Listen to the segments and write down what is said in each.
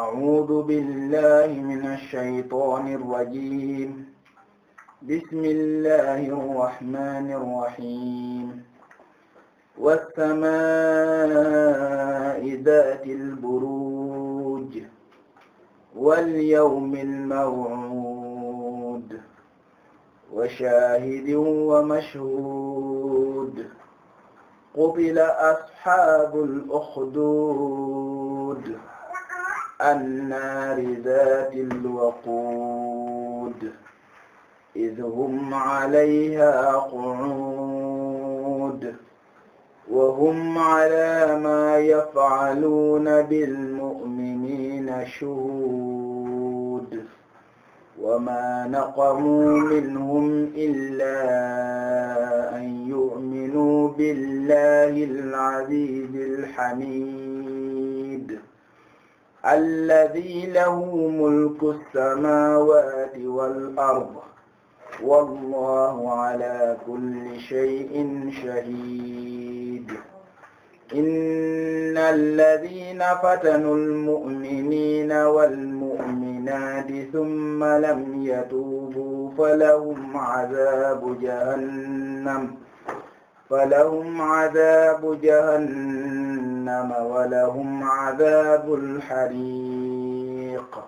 أعوذ بالله من الشيطان الرجيم بسم الله الرحمن الرحيم والسماء ذات البروج واليوم الموعود وشاهد ومشهود قتل أصحاب الأخدود النار ذات الوقود إذ هم عليها قعود وهم على ما يفعلون بالمؤمنين شهود وما نقموا منهم إلا أن يؤمنوا بالله العزيز الحميد الذي له ملك السماوات والأرض والله على كل شيء شهيد إن الذين فتنوا المؤمنين والمؤمنات ثم لم يتوبوا فلهم عذاب جهنم فلهم عذاب جهنم جهنم ولهم عذاب الحريق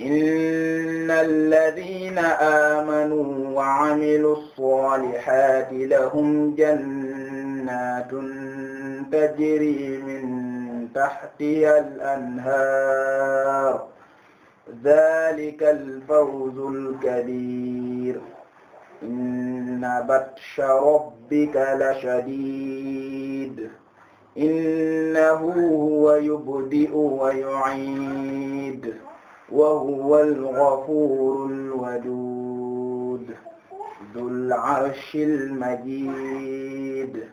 إن الذين آمنوا وعملوا الصالحات لهم جنات تجري من تحتها الأنهار ذلك الفوز الكبير إن بطش ربك لشديد إنه هو يبدئ ويعيد وهو الغفور الودود ذو العرش المجيد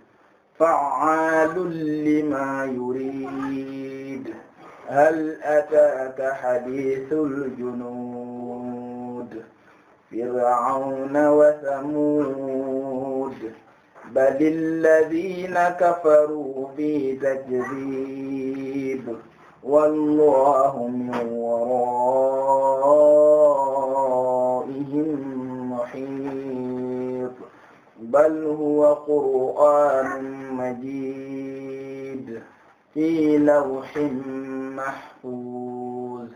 فعال لما يريد هل أتاك حديث الجنود فرعون وثمود بل الذين كفروا في تكذيب والله من ورائهم محيط بل هو قرآن مجيد في لوح محفوظ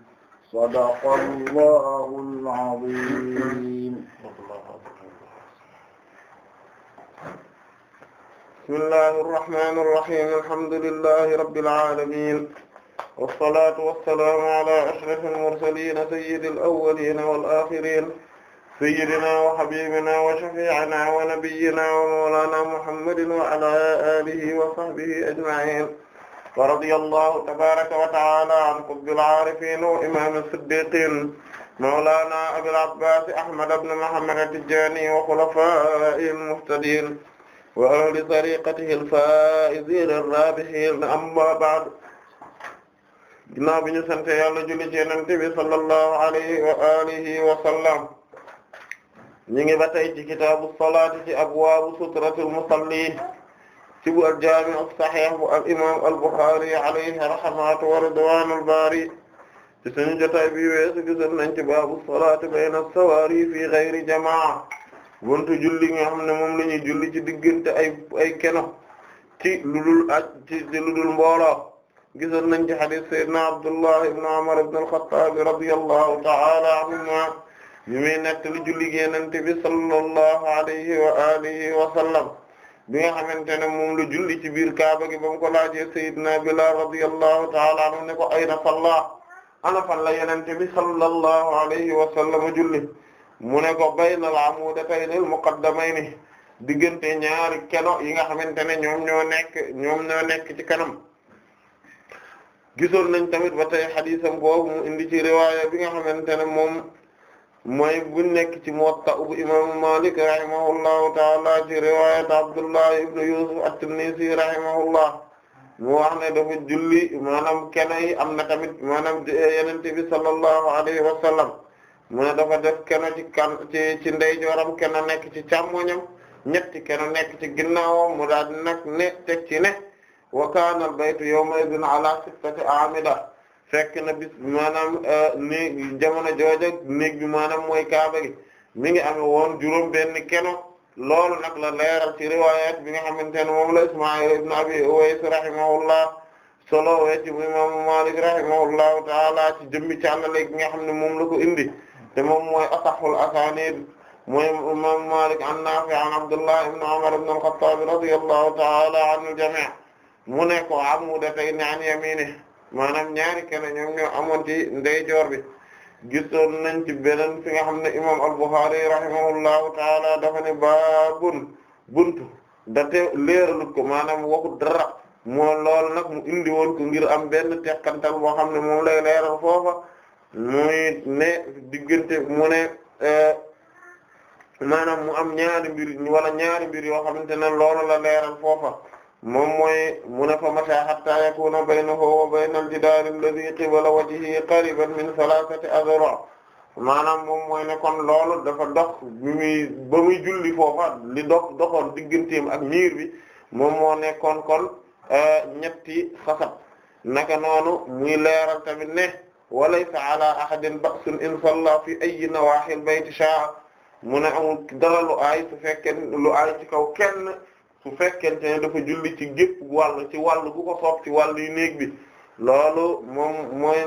صدق الله العظيم bismillahi irrahmani irrahim alhamdulillahi rabbil alamin wassalatu wassalamu ala ashrafil mursalin sayyidil awwalin wal akhirin sayyidina wa habibina wa shafi'ina wa nabiyyina wa mawlana muhammadin wa ala alihi wa sahbihi ajma'in wa radiyallahu tabaraka wa ta'ala an qutbil arifin wa imam as-siddiqin mawlana abil abbas ahmad ibn muhammad at-tijani wa khulafa'il muhtadin wa ahli tariqatihi al-faa'iziina ar-raabihiina amma ba'du ginnaaw bi ñu sant yàlla julli ci Yonent bi sallallahu alayhi wa alihi wa sallam ñu ngi ba tey ci kitaabu salaati ci abwaabu sutratil musalli ci bu al-jaami' as-sahiih bu al-imaam al-Buxaari alayhi rahmatu wa ridwaanul baari ci suñu jotaay bi weesu gisoon nañ ci baabu salaati bayna as-sawaari fi ghayri jamaa'a buntu julli nga xam ne moom la ñuy julli ci diggante ay ay keno ci ludul aj ci ludul mbooloo gisoon nañ ci hadith sayyidina Abdullah ibn Umar ibn al-Khattab radiyallahu ta'ala anhuma ñu muy nekk li julli génnante bi sallallahu alayhi wa alihi wa sallam bi nga xamante ne moom lu julli ci biir kaaba gi ba mu ko laajee sayyidina Bilal radiyallahu ta'ala anhu ne ko ayna salla ana fan la yenente bi sallallahu alayhi wa sallam julli mu ne ko bayna al-amudatayn al-muqaddamayn diggante ñaari keno yi nga xamante ne ñoom ñoo nekk ñoom ñoo nekk ci kanam gisoon nañ tamit ba tey xadisam mu indi ci riwaaya bi nga xamante ne moom mooy bu nekk ci Muwatta bu imaamu Malik rahimahullahu taala ci riwaayat Abdullah ibn Yusuf at-Tinnisi rahimahullah mu wax ne julli maanaam keno yi am na tamit maanaam yenente bi sallallahu alayhi wa mu ne dafa def keno ci kan ci ci ndeyjooram keno nekk ci càmmoñam ñetti keno nekk ci ginnaawam mu daal di nag ne teg ci ne wa kaana al baytu yawma idin ala sittati amida fekk na bis maanaam euh, néeg jamono jooja néeg bi maanaam mooy kaaba gi mi ngi amee woon juróom benn keno loolu nag la leeral ci riwayat bi nga xamante ne moom la Ismaa'il ibn Abi Uways rahimahullah solo wee ci imaamu Maalik rahimahullahu taala ci jëmmi càllaleeg bi nga xam ne moom la ko indi te moom mooy asahul asanid mooy imam Malik an Nafi an Abdullah ibn Umar ibn al-Khattab ta'ala anil jami' mu ne ko amudatayni an yaminihi maanaam ñaari kene ñoom ñoo amoon ci ndeyjoor bi gisoon nañ ci fi nga xam ne imam al-Bukhari rahimahullahu ta'ala dafa ne baabun buntu date leeralu ko maanaam waxu dara moo mu indi woon ko ngir am benn tekkantal boo xam ne moom lay leeral foofa muy ne diggante mu ne eh, maanaam mu am ñaari mbir wala ñaari mbir yoo xamante ne loolu la leeral foofa moom mooy mu ne fa mata hatta yakuna baynahu wa bayna al-jidaar alladhi qibala wajhihi qariban min thalathati azra' maanaam moom mooy ne kon loolu dafa dox ba muy julli foofa li dox doxoon digganteem ak miir bi moom moo nekkoon kon eh, ñetti xasab naka noonu muy leeral tamit ne wa laysa ala ahadin ba'sun in salla fi ayyi nawaahi al-bayti shaa'a mu ne amul dara lu aay su fekkeen lu aay ci kaw kenn su fekkente ne dafa julli ci gépp wàll ci wàll bu ko soob ci wàll yu néeg bi loolu moom mooy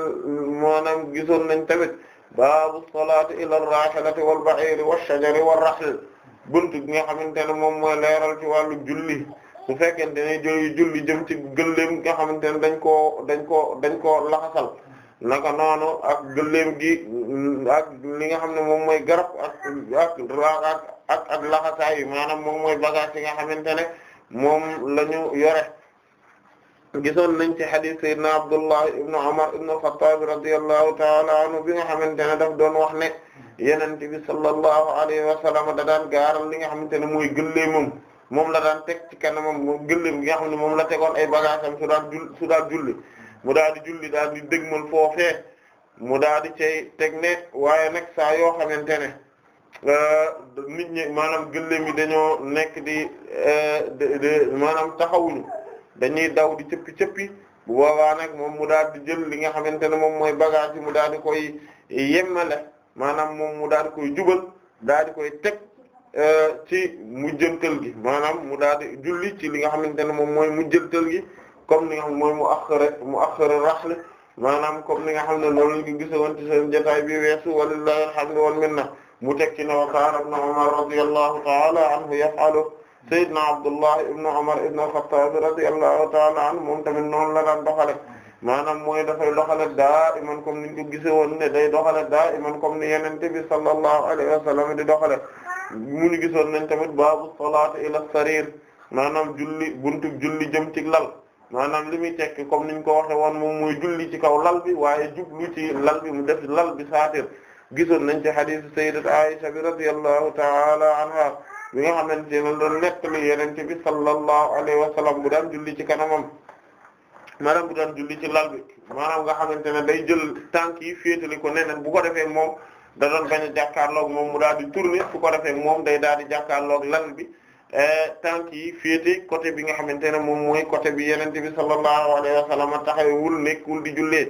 moonam gisoon nañ tamit baabu salaati ila ar-raahilati wal ba'iiri wash-shajari war-rahl bunt bi nga xamante ne moom mooy leeral ci wàllu julli su fekkente ne julli jëm ci gëléem nga xamante ne dañ koo dañ koo dañ koo laxasal naka noonu ak gëléem gi ak li nga xam ne moom mooy garab ak ak ak ak ak laxasaayu maanaam moom mooy bagage yi nga xamante ne moom la ñu yore gisoon nañ ci hadith sayyidina Abdullah ibn Umar ibn al-Khattab radiyallahu ta'ala anhu bi nga xamante ne daf doon wax ne yonent bi sallallahu alayhi wa sallam da daan gaaral li nga xamante ne mooy gëléemam moom la daan teg ci kanamam moom gëléem gi nga xam ne moom la tegoon ay bagages am su daal jull julli mu daal di julli daal di dégmal foofee mu daal di cay teg waaye nag saa yoo xamante tene euh, nit ñi maanaam gëléem yi dañoo nekk di euh, de maanaam taxawuñu dañuy daw di cëppi cëppi bu boobaa nag moom mu daal di jël li nga xamante ne moom mooy bagage yi mu daal di koy yemmale maanaam moom mu daal di jubal daal di koy teg euh, ci mujjantal gi maanaam mu daal di julli ci li nga xamante ne moom mooy mujjantal gi comme ni nga xam mooy mu axara mu axara raxli maanaam comme ni nga xam ne loolu lañ ko gisoon ci seen jotaay bi weesu walillahi alhamdu wal minna mu teg ci ne wa kaana ibnu Umar radiyallahu ta'ala anhu yaf'alu sayyidna Abdullah ibnu Umar ibnu al-Khattab radiyallahu ta'ala anhu moom tamit noonu la daan doxale maanaam mooy dafay doxale daa iman comme niñ ko gisoon ne day doxale daa iman comme ni yenente bi sallallahu alayhi wa sallam di doxale mu ñu gisoon nañ tamit baabu salaati ila sarir maanaam julli buntu julli jëm ci lal maanaam li muy tekki comme niñ ko waxe woon moom mooy julli ci kaw lal bi waaye jublu ci lal bi mu def lal bi saatir gisoon nañ ci hadith sayyidat Aisha bi radiyallahu ta'ala anha bi nga xamante ne doon nettali Yonent bi sallallahu alayhi wa sallam bu daan julli ci kanamam maanaam bu daan julli ci lal bi maanaam nga xamante ne day jël tànk yi féetali ko neneen bu ko defee moom da doon bañ a jàkkaarloog moom mu daal di tourner su ko defee moom day daal di jàkkaarloog lal bi Euh, tànk yi féete côté bi nga xamante ne moom mooy côté bi yenente bi sallallahu alayhi wa sallam taxawul nekkul di jullee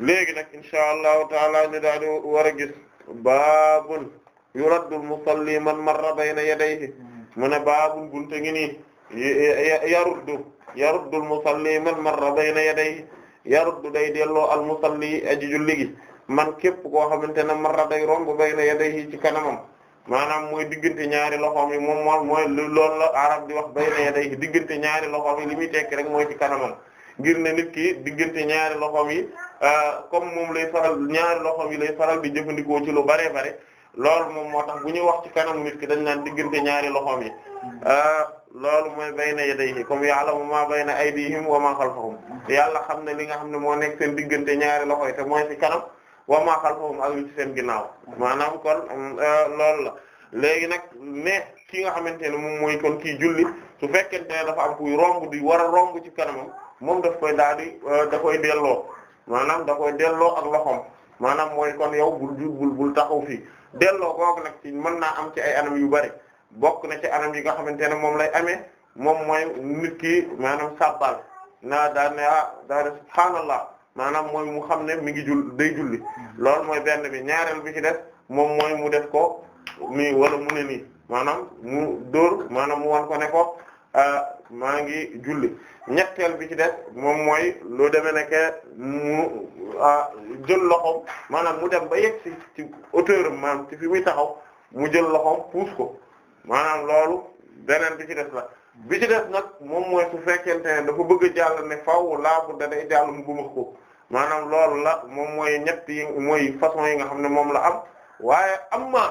léegi nag inshaa allahu taala ñu daal di war a gis baabun yuraddul musalli man marra bayna yadayhi mu ne baabun bunte ngi nii yaruddu yaruddul musalli man marra bayna yadayhi yaruddu day delloo al musalli aji julli man képp koo xamante ne marra day romb bayna yadayhi ci kanamam maanaam mooy diggante ñaari loxoom yi moom moo mooy loolu la arab di wax bayna yadayhi diggante ñaari loxoom yi li muy tekki mooy ci kanamam ngir ne nit ki diggante ñaari loxoom yi euh, comme moom lay faral ñaari loxoom yi lay faral di jëfandikoo ci lu bare bare loolu moom moo tax bu ñuy wax ci kanam nit ki dañ naan diggante ñaari loxoom yi euh, loolu mooy bayna yadayhi comme yàlla ya'lamu ma bayna aydihim wa ma khalfahum yàlla xam ne li nga xam ne moo nekk seen diggante ñaari loxo yi te mooy ci kanam wa ma xalfahum ag li ci seen ginnaaw maanaam kon euh, loolu la léegi nag ne ki nga xamante ne moom mooy kon kii julli su fekkente ne dafa am kuy romb di war a romb ci kanamam moom def koy daal di euh, da koy delloo maanaam da koy delloo ak loxoom maanaam mooy kon yow bul bul bul taxaw fii delloo googu nag ci mën naa am ci ay anam yu bari bokk na ci anam yi nga xamante ne moom lay amee moom mooy nit ki maanaam sabbal naa daan ne ah daal maanaam mooy mu xam ne mi ngi jul day julli hmm. lool mooy benn bi ñaareel bi ci def moom mooy mu def ko nii wala mu ne nii maanaam mu dóor maanaam mu wan ko ne ko ah, maa ngi julli ñetteel bi ci def moom mooy loo demee nekke mu ah, jël loxoom maanaam mu dem ba yegg ci ci hauteur maanaam ci fi muy taxaw mu jël loxoom puus ko maanaam loolu beneen bi ci def la bi ci def nag moom mooy su fekkente ne dafa bëgg a jàll ne faaw laabu da day jàll mu gumax ko maanaam loolu la moom mooy ñett mooy façon yi nga xam ne moom la am waaye amma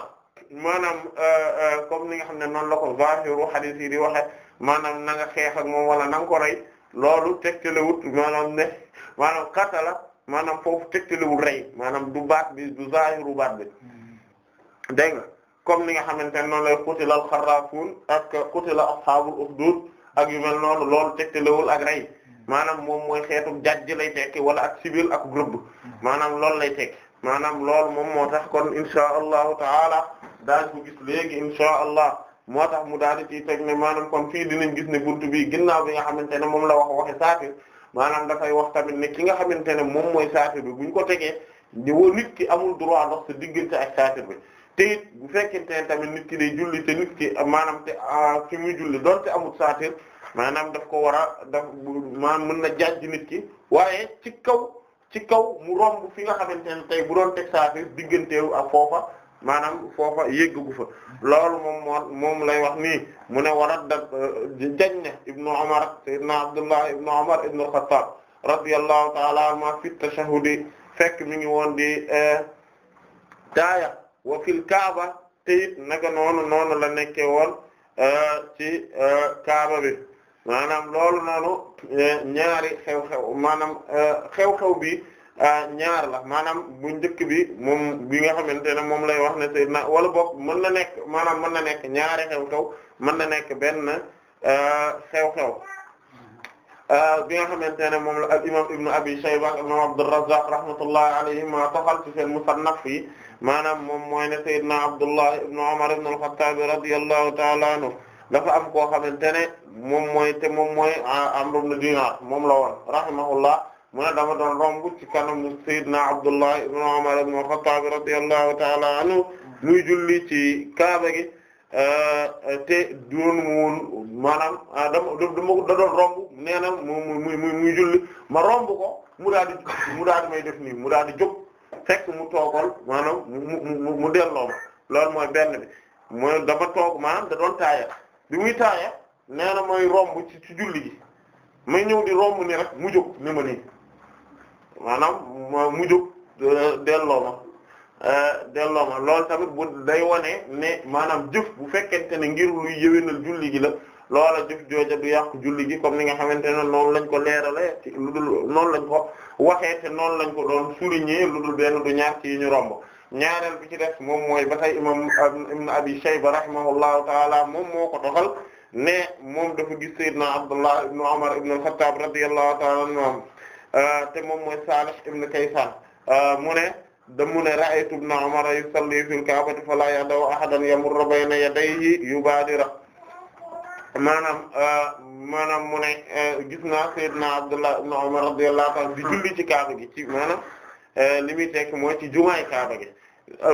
maanaam euh, euh, comme ni nga xam ne noonu la ko zahiru hadith yi di waxe maanaam nanga nga xeex ak moom wala na rey loolu tegtalewut maanaam ne maanaam katala maanaam foofu tegtalewul rey maanaam du baat bi du zahiru baat bi dégg nga comme ni nga xamante ne noonu lay qutila al-xarraafuun ak qutila ashaabul ukhdud ak yu mel noonu loolu tegtalewul ak rey maanaam moom mooy xeetu jajj lay tekki wala ak sibil ak rëbb maanaam loolu lay tekki maanaam loolu moom moo tax kon inshaa allahu taala daañ ko gis léegi inshaa allah moo tax mu daal di ciy teg ne maanaam kon fii dinañ gis ne buntu bi ginnaaw bi nga xamante ne moom la wax waxe saatir maanaam dafay wax tamit ni ki nga xamante ne moom mooy saatir bi buñ ko tegee woo nit ki amul droit dox sa te ak saatir bi te it bu fekkente ne tamit nit ki day julli te nit ki maanaam te ah, fi muy julli doonte amul saatir maanaam daf ko war a daf maanaam mën na jàjj nit ki waaye ci kaw ci kaw mu romb fi nga xamante ne tey bu doon teg saafir digganteewu ak foofa maanaam foofa yéggagu fa loolu moom moom lay wax nii mu ne war a da jañ ne ibnu umar sayyidna abdullah ibnu umar ibnu xattaab radiyallahu ta'ala anhuma fi tashahhudi fekk mi ngi woon di taaya e, wa fil kaaba te it naka noonu la nekkee woon e, ci e, kaaba bi maanaam loolu noonu eh, ñaari xew-xew maanaam eh, xew-xew bi eh, ñaar la maanaam bu njëkk bi moom bi nga xamante ne moom lay wax ne sayyidna wala boog mën na nekk maanaam mën na nekk ñaari xew-xew mën na nekk benn xew-xew bi nga xamante ne moom la al imam ibnu abi shayba imam abdurrazzaq rahmatullahi alayhima toxal ci seen musannaf yi maanaam moom mooy ne sayyidna abdullah ibnu umar ibnu al-khattab radiyallahu ta'ala anhu dafa am koo xamante ne moom mooy te moom mooy Amr ibn Dinar moom la woon rahimahullah mu dama doon romb ci kanam Seydina Abdullah ibn Umar ibn al-Khattab radiyallahu ta'ala anhu muy julli ci Kaaba gi eh, te doon mu woon maanaam ah, dama da doon romb nee na mu muy julli ma romb ko mu daal daal di may def nii mu daal di jóg fekk mu toogal maanaam mu mu mu delloo loolu mooy benn bi mooy dama toog maanaam da doon taaya. bi muy taaya nee na mooy romb ci ci julli gi may ñëw di romb ni rek mu jóg ni ma nii maanaam mu jóg euh, delloo ma euh, delloo ma lool tamit bu day wane ne maanaam jëf bu fekkente ne ngir luy yëwénal julli gi la loola jëf jooja du yàqu julli gi comme ni nga xamante ne noonu lañ ko leerale ci lu dul noonu lañ ko waxee te noonu lañ ko doon souligner lu dul benn du ñaar ci ñu romb ñaareel bi ci def moom mooy ba tey imam ibn abi shayba rahimahullahu taala moom moo ko doxal ne moom dafa gis sayyidna abdullah ibn umar ibn al-khattab taala euh, te moom mooy salih ibn kaysan euh, mu ne da mu ne ra'aytu ibn umar yusalli fil ka'bati fala yadaw ahadan yamurru bayna yadayhi yubadira euh, maanaam mu ne gis naa sayyidna abdullah ibn umar radiyallahu taala di julli ci kaaba gi ci maanaam li muy tekk mooy ci jumaay kaaba gi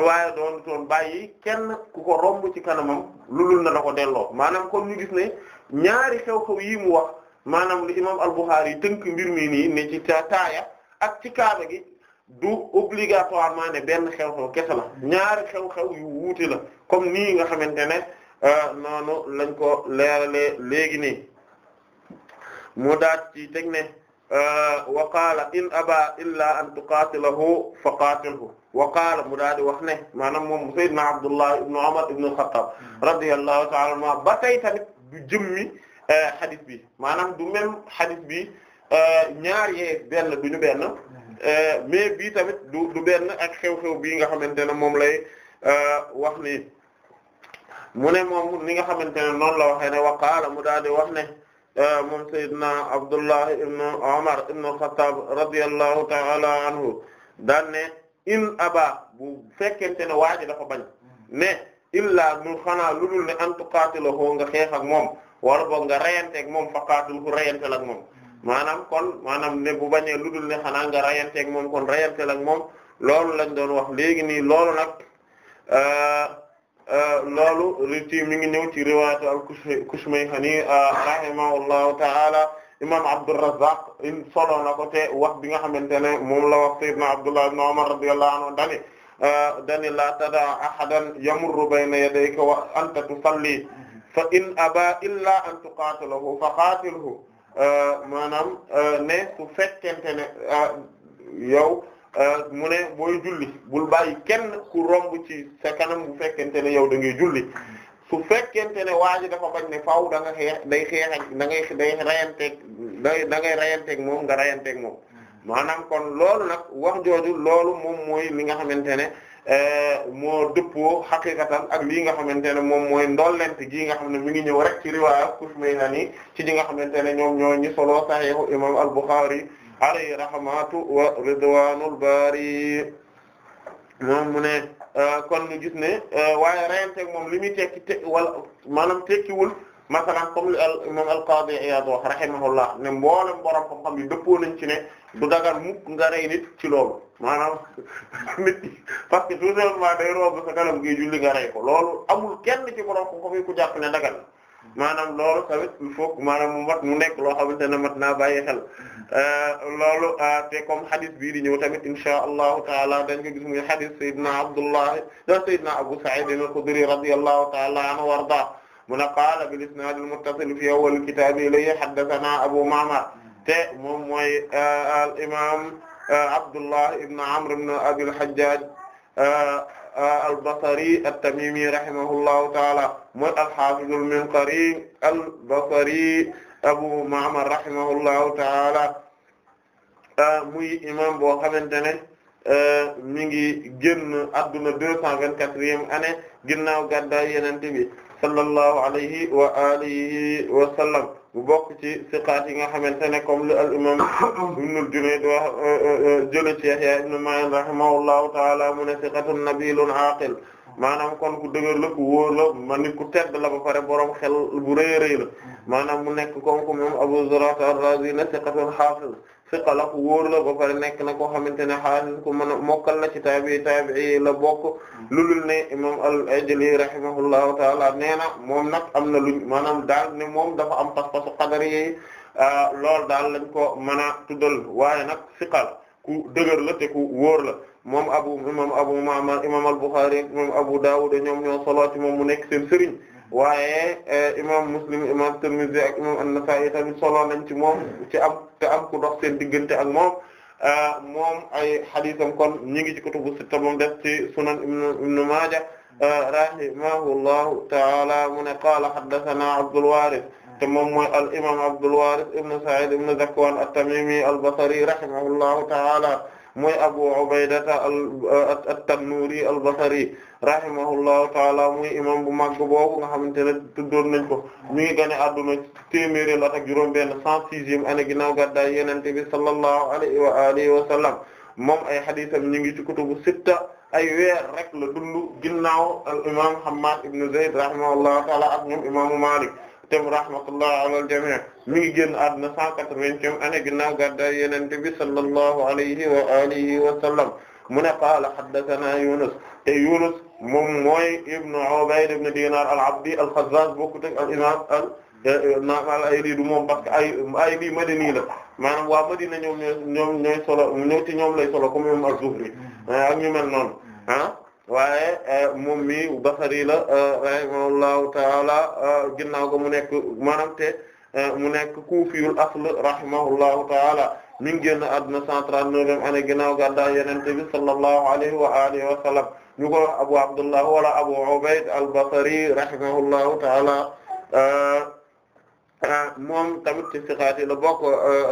waaye doon toon bàyyi kenn ku ko romb ci kanamam lulul na la ko delloo maanaam kon ñu gis na ñaari xew-xew yi mu wax maanaam lu imam al yi tënk mbir mi nii ne ci taaya ak ci kaaba gi du obligatoirement ne benn xew-xew kese la ñaari xew-xew yu wuute la comme nii nga xamante ne euh, noonu lañ ko leerale léegi nii mu daat ci teg ne Uh, wa qaala in aba illa an tuqatilahu fa qatilhu wa qaala daal di wax ne maanaam moom sayyidna abdullah ibnu umar ibnu al-khattab radiyallahu ta'ala anhuma ba tey tamit du jëmmi uh, xadis bi maanaam du même xadis bi uh, ñaar yee benn duñu benn mais bii tamit du du ak xew-xew bii nga xamante ne moom lay wax ni mu ne moom ni nga xamante ne noonu la waxee ne wa qaala daal di wax ne Eh, moom Seydina Abdullah ibn Umar ibn Khattab radiyallahu ta'ala anhu daan ne in aba bu fekkente ne waa ji dafa bañ ne illaa nu xanaa lu dul ne an tuqaatilahu nga xeex ak moom wala boog nga reyanteeg moom fa qaatilhu reyantel ak moom maanaam kon maanaam ne bu bañee lu dul ne xanaa nga reyanteeg moom kon reyantel ak moom loolu lañ doon wax léegi nii loolu nag eh, Euh, loolu ci mi ngi ñëw ci riwaayatu al-Kushmayhani euh, rahimahullahu ta'ala imam Abdurrazzaq in solo na ko te wax bi nga xamante ne moom la wax sayyidna Abdullah ibn Umar radiyallahu anhu dani euh, dani la tada ahadan yamurru bayna yadayka wa anta tusalli fa in aba illa an tuqatilahu fa qatilhu maanaam ne su fekkente ne yow Euh, mu ne booy julli bul bàyyi kenn ku romb ci sa kanam bu fekkente ne yow da ngay julli su fekkente ne waa ji dafa bañ ne faw da nga xeex day xeex da ngay day rayanteeg day da ngay rayanteeg moom nga rayanteeg moom maanaam kon loolu nag wax jooju loolu moom mooy li nga xamante ne euh, moo dëppoo xaqiqatan ak lii nga xamante ne moom mooy ndollent gii nga xam ne mi ngi ñëw rek ci na Kushmayhani ci ñi nga xamante ne ñoom ñoo ñi solo Sahihu imam al alayhi rahmatu wa ridwanul bari moom mu ne euh, kon ñu gis ne euh, waaye reyanteeg moom li muy tekki te wala maanaam tekkiwul masalan comme moom al-Qadi Iyad wax rahimahullah ne mboolem borom xam-xam yi dëppoo nañ ci ne du dagan mukk nga rey nit ci loolu maanaam nit parce que tout simplement day romb sa kanam gi julli nga rey ko loolu amul kenn ci borom xam-xam yi ku jàpp ne dagan maanaam loolu tamit il faut maanaam mu mat mu nekk loo xamante ne mat naa bàyyi xel euh, loolu euh, te comme hadith bii di ñëw tamit insha allahu taala dañ ko gis muy hadith Seydina Abdullahi da euh, Seydina Abu Sa'id al-Khudri radiyallahu taala anhu wa arda mu ne qaala bil isnaad al-muttasil fi awwal al-kitaab ilayhi haddathana Abu Ma'mar te moom mooy al imaam Abdullah ibn Amr ibn Abi al-Hajjaj al-Basri at-Tamimi rahimahullahu taala mooy al-Hafiz al-Minqari al-Basri Abu Ma'mar rahimahullahu taala muy imam boo xamante ne mi ngi génn adduna deux cent vingt-quatrième année ginnaaw gàddaay Yonent bi sallallahu alayhi wa alihi wa sallam bu bokk ci siqaat yi nga xamante ne comme li al imam ibn al-Junayd wax euh, euh, euh, jële ci Yahya ibn Ma'in rahimahullahu taala mu ne siqatun nabilun aqil maanaam kon ku dëgër la ku wóor la ma ku tedd ba pare borom xel bu rëy a maanaam mu nekk comme ku moom Abu Zur'a ar-Razi ne siqatun siqala ku wóor la ba pare nekk na koo xamante ne xaalis ku mën a mokkal la ci taabi taabi la bokk hmm. lulul ne imam al-Ajli rahimahullahu taala nee na moom nag am na luñ maanaam daal ne moom dafa am pas-pasu qadar yi ah, loolu daal lañ ko mën a tuddal waaye nag siqala ku dëgër la te ku wóor la moom abu imam abu Ma'mar imam al-Bukhari imam abu Dawud ñoom ñoo solo moom mu nekk seen sëriñ waaye eh, imam Muslim imam Tirmidhi ak imam An-Nasa'i tamit solo nañ ci moom ci am te am ku dox seen diggante ak moom eh, moom ay xadiisam kon ñi ngi ci kutubu sitta moom def ci sunan ibn Maaja eh, rahimahullahu ta'ala mu ne qaala haddathana Abdul Waaris te moom mooy al imam Abdul Waaris ibn Sa'id ibn Zakwan at-Tamimi al-Basri rahimahullahu ta'ala mooy Abu Ubaydata uh, at-Tannuuri al-Basri rahimahullahu taala muy imam bu mag boobu nga xamante ne tuddoon nañ ko mi ngi gane adduna téeméeri at ak juróom-benn cent sixième année ginnaaw gàddaay Yonent bi sallallahu alayhi wa alihi wa sallam moom ay xadiisam mi ngi ci kutubu sitta ay weer rek la dund ginnaaw al imam Hammad ibn Zayd rahimahullahu taala ak ñoom imaamu Maalik tam rahmatullah ala al-jami' mi ngi génn àdduna cent quatre-vingtième année ginnaaw gàddaay Yonent bi sallallahu alayhi wa alihi wa sallam mu ne qaala haddathana Yunus te Yunus moom mooy ibnu Ubayd ibn Dinar al-Abdi al-Khazzaz bokkut ak al-imam al ayli du moom parce que ay ayli madani la maanaam waa Madina ñoom ñooy ñoom ñooy solo ñoo ci ñoom lay solo comme moom az-Zuhri ak ñu mel noonu ah? waaye eh, moom mi basari la eh, rahimahullahu taala eh, ginnaaw ko mu nekk maanaam te mu nekk kuufiyul asl rahimahullahu taala mi ngi génn àdduna 139 ane ginnaaw gàddaay Yonent bi sallallahu alayhi wa alihi wa sallam ñu ko wax Abu Abdullah wala Abu Ubayd al-Basri rahimahullahu taala moom tamit ci siqaati la bokk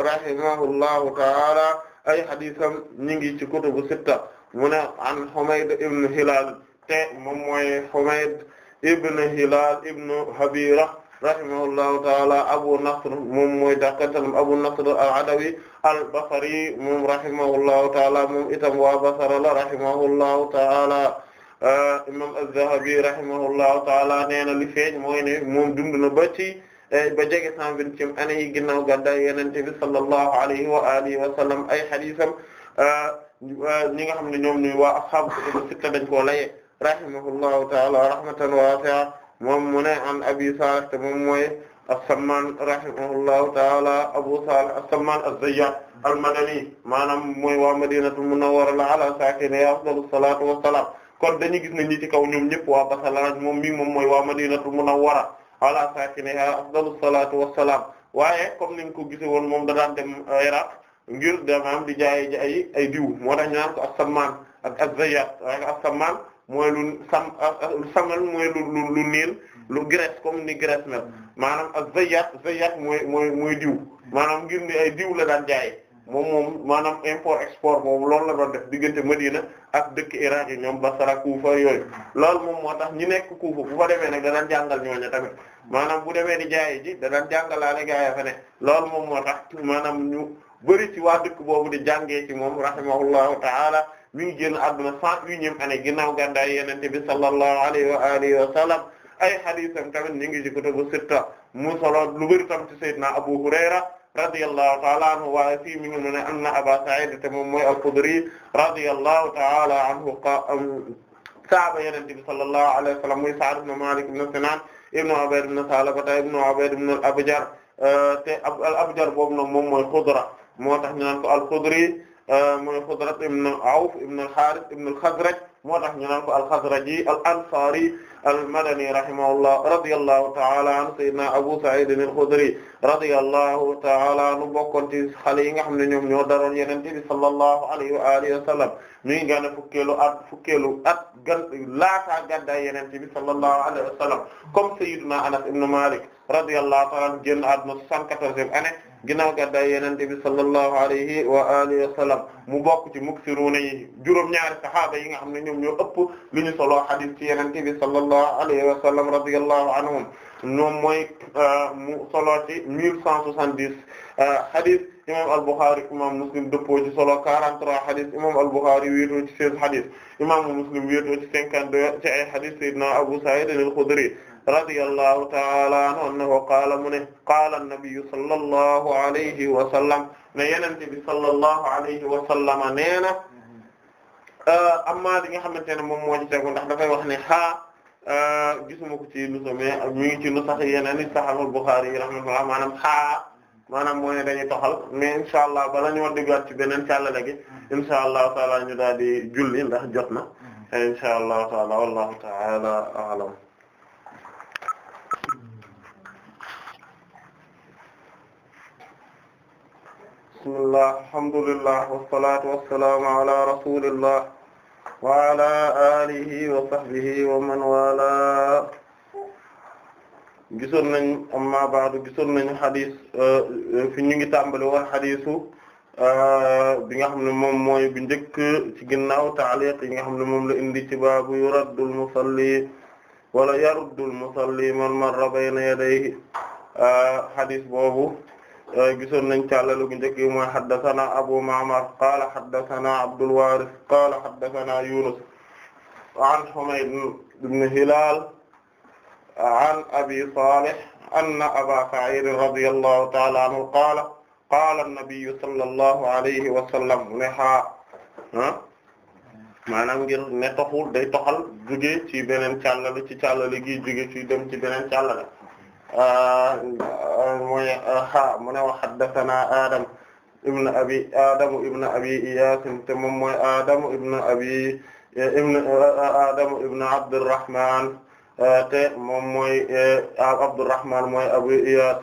rahimahullahu taala ay hadiisam ñu ngi ci kutubu sitta mu ne an Humayd ibn Hilal te moom mooy Humayd ibn Hilal ibn Habira rahimahullahu taala Abu Nasr moom mooy dàqantalam Abu Nasr al-Adawi al-Basri moom rahimahullahu taala moom itam waa Basra la rahimahullahu taala uh, imam az-Zahabi rahimahullahu taala nee na li feeñ mooy ne moom dund na ba ci eh, ba jege cent vingtième année yi ginnaaw gàddaay Yonent bi sallallahu alayhi wa alihi wa sallam ay hadiisam Euh, euh, ñi nga xam ne ñoom ñuy waa ashaabu kutubu sitta dañ koo laye rahimahullahu taala rahmatan wasi'a moom mu ne an abi salih te moom mooy a samman rahimahullahu taala abu salih a samman az-Zayyat al-Madani maanaam mooy waa Madinatul Munawwara la ala saakinihaa afdalu salaatu wa salaam kon dañuy gis ne ñi ci kaw ñoom ñëpp waa Basra moom mi moom mooy waa Madinatul Munawwara ala saakinihaa afdalu salaatu wa salaam waaye comme niñ ko gisee woon moom da dem Iraq ngir damaam di jaay ji ay ay diw moo tax ñu naan a as-samman ak az-zayyat ak as mooy lu sam samal mooy lu lu lu niin lu graisse comme ni graisse mel maanaam az-zayyat zayyat mooy mooy mooy diw maanaam ngir ni ay diw la daan jaay moom moom maanaam import export boobu loolu la doon def diggante Medina ak dëkk Irak yi ñoom Basra Kufa yooy loolu moom moo tax ñi nekk Kufa bu fa demee nag danaan jàngal ñooñu tamit maanam bu demee ni jaay ji da jàngalaale gaa ya fa ne loolu moom moo tax bëri ci waa dëkk boobu di jàngee ci moom rahimahullahu ta'ala mi ngi génn àdduna cent unième année ginnaaw gàddaay yenente bi sallallahu alayhi wa alihi wa sallam ay hadisam tamit ñu ngi ci kutubu sitta mu solo lu bëri tam ci sayyidina Abu Hurayra radiyallahu ta'ala anhu waaye fii mi ngi mu am na Aba Sa'id te moom mooy al-Khudri radiyallahu ta'ala anhu saaba yenente bi sallallahu alayhi muy Sa'd ibn Malik ibn Sinan ibn Ubayd ibn Salaba ibn Ubayd ibn al-Abjar te al-Abjar boobu nag moom mooy Khudra moo tax ñu naan ko al-Khudri euh, mooy Khudrat ibn Awf ibn al-Harith ibn al-Khazraj moo tax ñu naan ko al-Khazraji al-Ansari al-Madani rahimahullah radiyallahu ta'ala anhu sayyidina Abu Sa'id al-Khudri radiyallahu ta'ala anhu bokkoon ci xale yi nga xam ne ñoom ñoo daroon Yonent bi sallallahu alayhi wa alihi wa sallam mi ngi gane fukkeelu at fukkeelu at gan laataa gàddaay Yonent bi sallallahu alayhi wa sallam comme sayyidina Anas ibn Malik radiyallahu ta'ala anhu génn àdduna 74e année ginnaaw gàddaay yenente bi sallallahu alayhi wa alihi wa sallam mu bokk ci muksiruuna yi juróom-ñaari sahaaba yi nga xam ne ñoom ñoo ëpp li ñu soloo hadith ci yenente bi sallallahu alayhi wa sallam radiyallahu anhum ñoom mooy euh, mu soloo ci mille cent soixante-dix hadith euh, imam al-Bukhari imam Muslim dëppoo ci solo 43 hadith imam al-Bukhari wéetoo ci 16 hadith imam Muslim wéetoo ci 52 ci ay hadith na Abu Sa'id al-Khudri radiyallahu ta'ala anhu annahu qaala mu ne qaala an-nabiyyu sallallahu alayhi wa sallam ne yonent bi sallallahu alayhi wa sallama nee na euh, amma li nga xamante ne moom moo ci tegu ndax dafay wax ne xaa euh, gisuma ko ci lu somé mi ngi ci lu sax yeneen i saxaabul Buxaari yi rahmatullah maanaam xaa maanaam moo ne dañuy toxal mais incha allah bala ñu war déggaat ci beneen càllale gi incha allah taala ñu daal di julli ndax jot na mm-hmm. incha allah taala wallahu taala alam bismillah alhamdulillah wassalatu wassalamu ala rasulillah wa ala alihi wa sahbihi wa man wala gisoon nañ amma ba'du gisoon nañ xadis euh, fi ñu ngi tàmbali woon xadisu euh, bi nga xam ne moom mooy bu njëkk ci ginnaaw taaliq yi nga xam ne moom la indi ci baabu yuraddul musalli wala yaruddul musalli man marra bayna yadayhi euh, xadis boobu Euh, gisoon nañ càllale gu njëkk mooy haddathana Abu Ma'mar qaala haddathana Abdul Waaris qaala haddathana Yunus an Humayd ibn Hilal an Abi Salih anna Aba Sa'id radiyallahu ta'ala anhu qaala qaala an-nabiyyu sallallahu alayhi wa sallam ne haa maanaam ngir ne toxul day toxal jóge ci beneen càllale ci càllale gi jóge ci dem ci beneen càllale mooy ha mu ne wa haddathana Adam ibn Abi Adam ibn Abi Iyas te moom mooy Adam ibn Abi ibn Adam ibn Abdurrahman te moom mooy Abdurrahman mooy Abu Iyas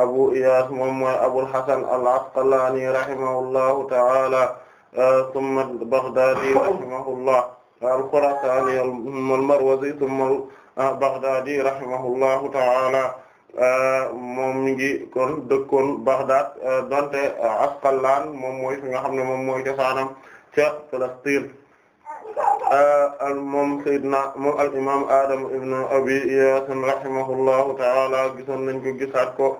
Abu Iyas moom mooy Abul Hasan al-Asqalani rahimahullahu ta'ala thumma al-Baghdadi rahimahullah al-Khurasani al-Marwazi thumma al-Baghdadi rahimahullahu ta'ala Euh, moom mi ngi kon dëkkoon Baghdad euh, donte euh, Asqalaan moom mooy fi nga xam ne moom mooy cosaanam ca Palestine moom Seydina moom al imam Adam ibn Abi Yaasin rahimahullahu ta'ala gisoon nañ ko gisaat ko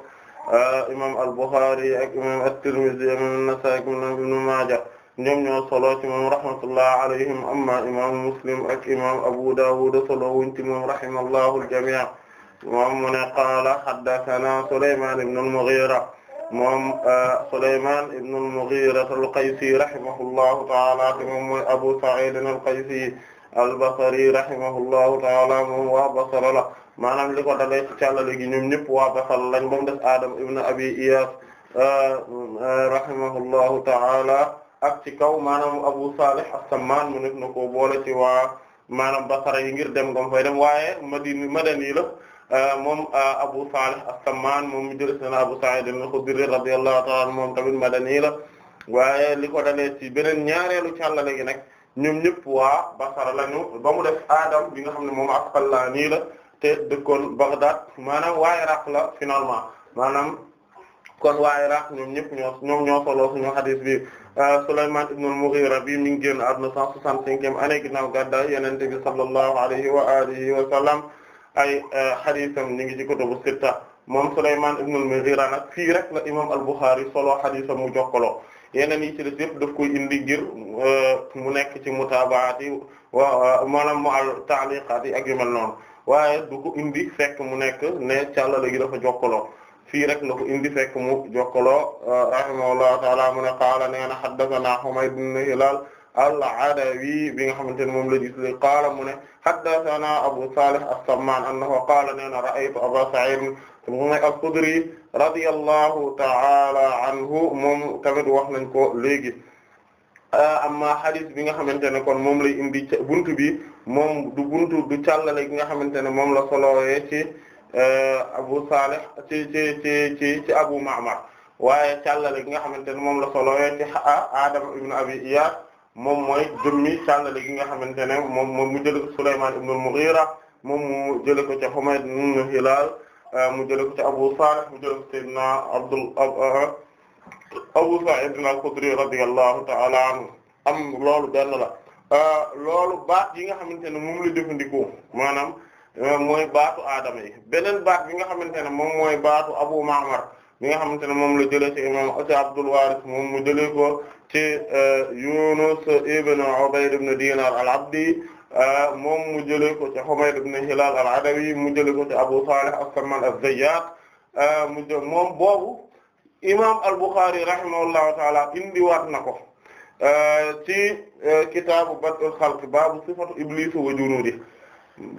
imam al Bukhari ak imam at-Tirmidhi ak imam an-Nasa'i ak imam Ibn Maaja ñoom ñoo solo ci moom rahmatullahi alayhim amma imam Muslim ak imam Abu Dawud solo wuñ ci moom rahimahullahu al-jami' moom mu ne qaala haddathana Sulaymaan ibn al-Mughira moom uh, Sulaymaan ibn al-Mughira al-Qaysi rahimahullahu ta'ala moom mooy Abu Sa'id al-Qaysi al-Basri rahimahullahu ta'ala moom waa Basra la maanaam li ko dalee ci càllale gi ñoom ñëpp waa Basra lañ moom des Adam ibn Abi Iyas uh, uh, rahimahullahu ta'ala ak ci kaw maanaam Abu Salih as-Samman mu nekk na ko boole ci waa maanaam Basra yi ngir dem gam fay dem waaye madini madani la Euh, moom euh, Abu Salih as-Samman moom mi jël sena Abu Sa'id al-Khudri radiyallahu ta'ala anhu moom tamit madani la waaye li ko dalee ci beneen ñaareelu càllale gi nag ñoom ñëpp waa Basra lañu ba mu def Adam bi nga xam ne moom Asqalani la te dëkkoon Baghdad maanaam waa Iraq la finalement maanaam kon waa Iraq ñoom ñëpp ñoo ñoom ñoo solo suñu hadith bi euh, Sulaymaan ibn al-Mughira bi mi ngi génn àdduna 165e année ginnaaw gàddaay Yonent bi sallallahu alayhi wa alihi wa sallam ay euh, xadisam ñu ngi ci kutubu sitta moom Sulaymaan ibn al-Mughira nag fii rek la imam al-Bukhari solo xadisam mu jokkaloo yeneen yi ci des yëpp daf koy indi ngir euh, mu nekk ci mutaabaat yi wa euh, maanaam mu al taaliqaat yi ak yu waaye du ko indi fekk mu nekk ne càllale gi dafa jokkaloo fii rek la ko indi fekk mu jokkaloo rahimahullahu ta'ala mu ne qaala nee na haddathana Humayd ibn Hilal al-Adawi bi nga xamante ne moom la gis léegi qaala mu ne haddathana Abu Salih as-Samman annahu qaala nee na ra'aytu Aba Sa'id mooy al-Khudri radiyallahu ta'ala anhu moom tamit wax nañ ko léegi. amma hadith bi nga xamante ne kon moom lay indi buntu bi moom du buntu du càllale gi nga xamante ne moom la solowee ci eh, Abu Salih ci ci ci ci ci Abu Ma'mar waaye càllale gi nga xamante ne moom la solowee ci Adam ibn Abi Iyas moom mooy jëmmi càllale gi nga xamante ne moom moom mu jële ko Sulaymaan ibn mughira moom mu jële ko ci Humayd ibn Hilal euh, mu jële ko ci Abu Salih mu jële ko ci Sayyidina Abdul euh, Abu Sa'id al-Khudri radiyallahu ta'ala anhu am loolu benn euh, loolu baat yi nga xamante ne moom la jëfandikoo maanaam mooy baatu aadama yi beneen baat bi nga xamante ne moom mooy baatu Abu Ma'mar mi nga xamante ne moom la jëlee ci imam ci Abdul Waaris moom mu jëlee ko ci euh, Yunus ibn Ubayd ibn Dinar al-Abdi euh, moom mu jëlee ko ci Humayd ibn Hilal al-Adawi mu jëlee ko ci Abu Salih as-Samman az-Zayyat euh, mu jë moom boobu imam al-Bukhari rahimahullahu ta'ala indiwaat na ko ci kitaabu Bad'ul Khalq baabu sifatu Iblis wa junuudi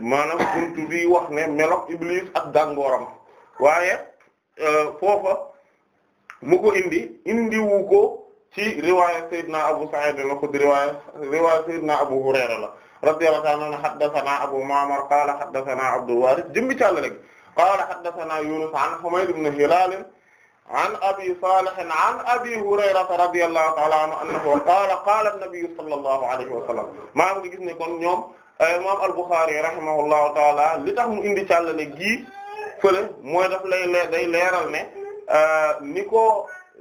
maanaam buntu wax ne melok Iblis ak gàngooram waaye Euh, foofa mu ko indi indiwu ko ci riwaaya Seydina Abu Sa'id al-Khudri riwaaya riwaaya Seydina Abu Hurayra la radiyallahu ta'ala anhu haddathana Abu Ma'mar qala haddathana Abdul Warith jëmmi càll rek qala haddathana Yunus an Humayd ibn Hilal an Abi Salih an Abi Hurayra radiyallahu ta'ala anhu annahu qala qala an-nabiy sallallahu alayhi wa sallam maa ngi gis ne kon ñoom euh, imam al-Bukhari rahimahullahu ta'ala li tax mu indi càll gi fële mooy daf lay lee day leeral ne euh, ni ko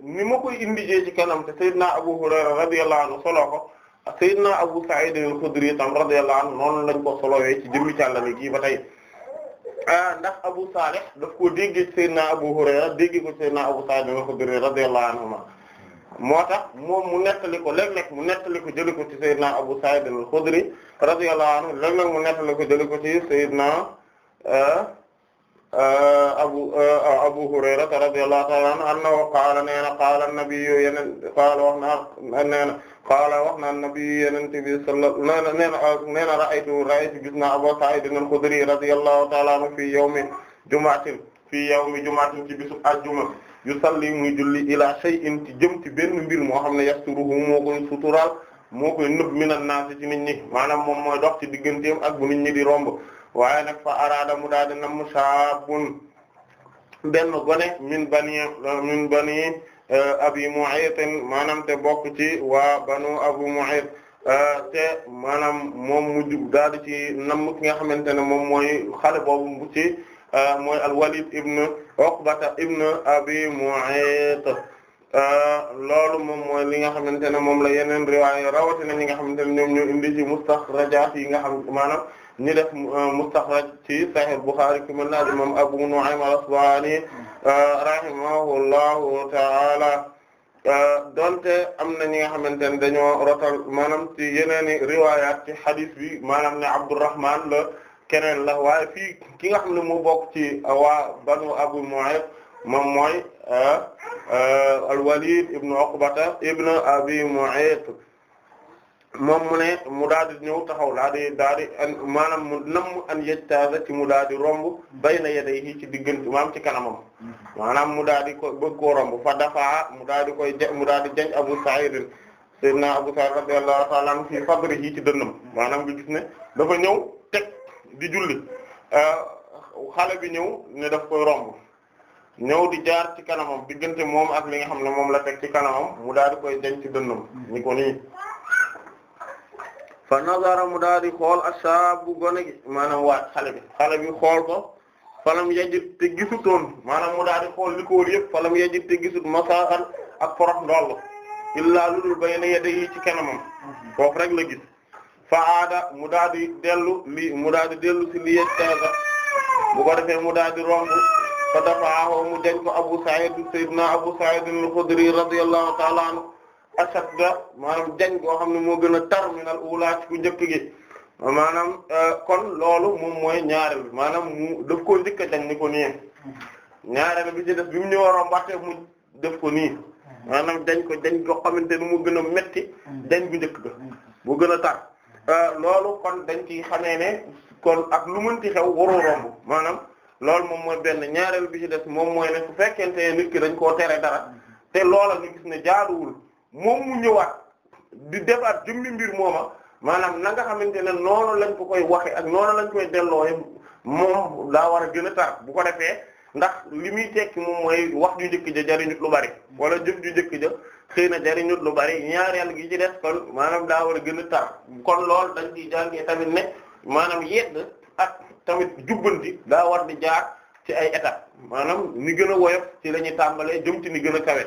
ni ma koy indijee ci kanam te Seydina Abu Hurayra radiyallahu anhu soloo ko Seydina Abu Sa'id al-Khudri tam radiyallahu anhu noonu lañ ko solowee ci jëmmi càllale gii ba tey euh, ndax Abu Salih daf koo déggee Seydina Abu Hurayra déggee ko Seydina Abu Sa'id al-Khudri radiyallahu anhuma moo tax moom mu nettali ko léeg-léeg mu nettali ko jëli ko ci Seydina Abu Sa'id al-Khudri radiyallahu anhu léeg-léeg mu nettali ko jëli ko ci Seydina euh, abu abu hurayrata radiyallahu ta'ala anhu annahu qaala nee na qaala annabiyyu yenen qaala wax na nee na qaala wax na annabiyyu yenen te bi salla nee na nee na nee na ra'aytu ra'aytu gis naa abu sa'id al-khudri radiyallahu ta'ala anhu fii yawmi jumu'atin fii yawmi jumu'atin ci bisub àjjuma yusalli muy julli ila shay'in ci jëm ci benn mbir moo xam ne yasturuhu moo koy sutural moo koy nëb minan naas ci nit ñi maanaam moom mooy dox ci digganteem ak bu nit ñi di romb waaye nag fa araada mu daal di nam shaabun benn gone min bani min bani eh, abi Mu'ayt maanaam te bokk ci waa banu abu Mu'ayt eh, te maanaam moom mu jub daal di ci nam ki nga xamante ne moom mooy xale boobu mu ci eh, mooy al-Walid ibn Uqbata ibn abi Mu'ayt loolu moom mooy li nga xamante ne moom la yeneen riwaaya rawatina ñi nga xamante ne ñoom ñoo indi ci mustaxrajaat yi nga xam maanaam ñu def euh, mustaxraj ci Sahih Bukhari ku mel ne al-imam Abu Nu'aym al-Asbahani euh, rahimahullahu ta'ala euh, donte am na ñi nga xamante ne dañoo rotal maanaam ci yeneeni riwaayaat ci bi maanaam ne Abdurrahman la keneen la waaye fii ki nga mu bokk ci waa Banu Abu Mu'ayt moom mooy al-Walid ibn Uqbata ibn Abi moom mu ne mu daal di ñëw taxaw daa di daa maanaam mu namm an yejtaga ci mu daal di romb bay na yedey yi ci diggante maam ci kanamam maanaam mu daal di ko bëgg romb fa dafaa mu daal di koy mu daal di jañ Abu naa sayyidina Abu Sa'id radiyallahu ta'ala anhu fi fadri yi ci dënnam maanaam nga gis ne dafa ñëw teg di julli euh, xale bi ñëw ne daf koy romb ñëw di jaar ci kanamam diggante moom ak li nga xam ne moom la tek ci kanamam mu daal di koy jañ ci dënnam ni ko nii fa nazara mu daal di xool asaabu gone gi maanaam waaj xale bi xale bi xool ko falam yajit te gisutoon maanaam mu daal di xool li ko wër yëpp falam yajit te gisut masaaxan ak forox ndoll illaa lu dul bayna yadayhi ci kanamam foofu rek la gis fa aada mu daal di dellu li mu daal di dellu si li yettaaga bu ko defee mu daal di romb fa mu jañ ko Abu Sa'id sayyidina Abu Sa'id al-Khudri radiyallahu ta'ala anhu ashadda maanaam jañ goo xam ne moo gën a tar min al ula ci njëkk gi maanaam euh, kon loolu moom mooy ñaareel bi maanaam mu daf koo njëkk a jañ ni ko nii ñaareel bi ci def bi mu ñu waroon mbàtte mu def ko nii maanaam dañ ko dañ ko xamante ni mu gën a metti dañ bu njëkk ga bu gën a tar euh, loolu kon dañ ki xamee ne kon ak lu mënti xew waroo romb maanaam loolu moom mooy benn ñaareel bi ci des moom mooy ne su fekkente nit ki dañ koo tere dara te loola ñu gis ne jaaduwul moom mu ñëwaat di defaat jëmmi mbir mooma maanaam na nga xamante ne noonu lañ ko koy waxe ak noonu lañ koy dellooye moom daa war a gën a taax bu ko defee ndax li muy tekki moom mooy wax ju njëkk jariñut lu bari wala jëf ju njëkk xëy na jariñut lu bari ñaareel gi ci def kon maanaam daa war a gën a tar kon lool dañ ciy jàngee tamit ne maanaam yedd ak tamit jubbanti daa war di jaar ci ay étapes maanaam ni gën a woyof ci la ñuy tàmbalee jëm ci ni gën a kawe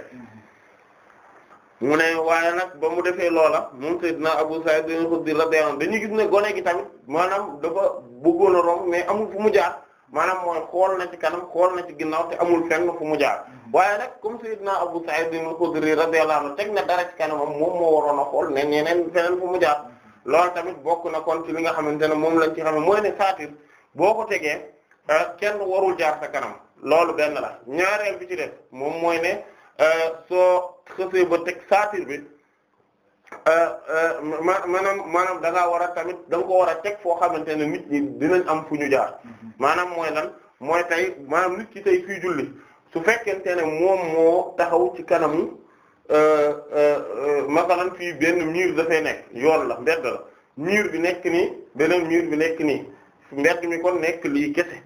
mu ne waaye nag ba mu defee loola moom Seydina Abu Sa'id al-Khudri radiyallahu anhu dañuy gis ne gone gi tamit maanaam dafa bëggoon a romb mais amul fu mu jaar maanaam mooy xool na ci kanam xool na ci ginnaaw te amul fenn fu mu jaar waaye nag comme Seydina Abu Sa'id al-Khudri radiyallahu anhu teg na dara ci kanamam moom moo waroon a xool ne ñeneen feneen fu mu jaar loolu tamit bokk na kon ci li nga xamante ne moom lañ ci xamee mooy ne saatir boo ko tegee euh, kenn warul jaar sa kanam loolu benn la ñaareel bi ci def moom mooy ne euh, soo. xësee ba teg saatir bi euh, euh, maanaam maanaam da ngaa war a tamit da ko war a teg foo xamante ne nit ñi dinañ am fu ñu jaar mm-hmm. maanaam mooy lan mooy tey maanaam nit ki tey fii julli su fekkente ne moom moo taxaw ci kanamu euh, masalan fii benn miir dafay nekk yoon la mbedd la miir bi nekk nii beneen miir bi nekk nii mbedd mi kon nekk lii kese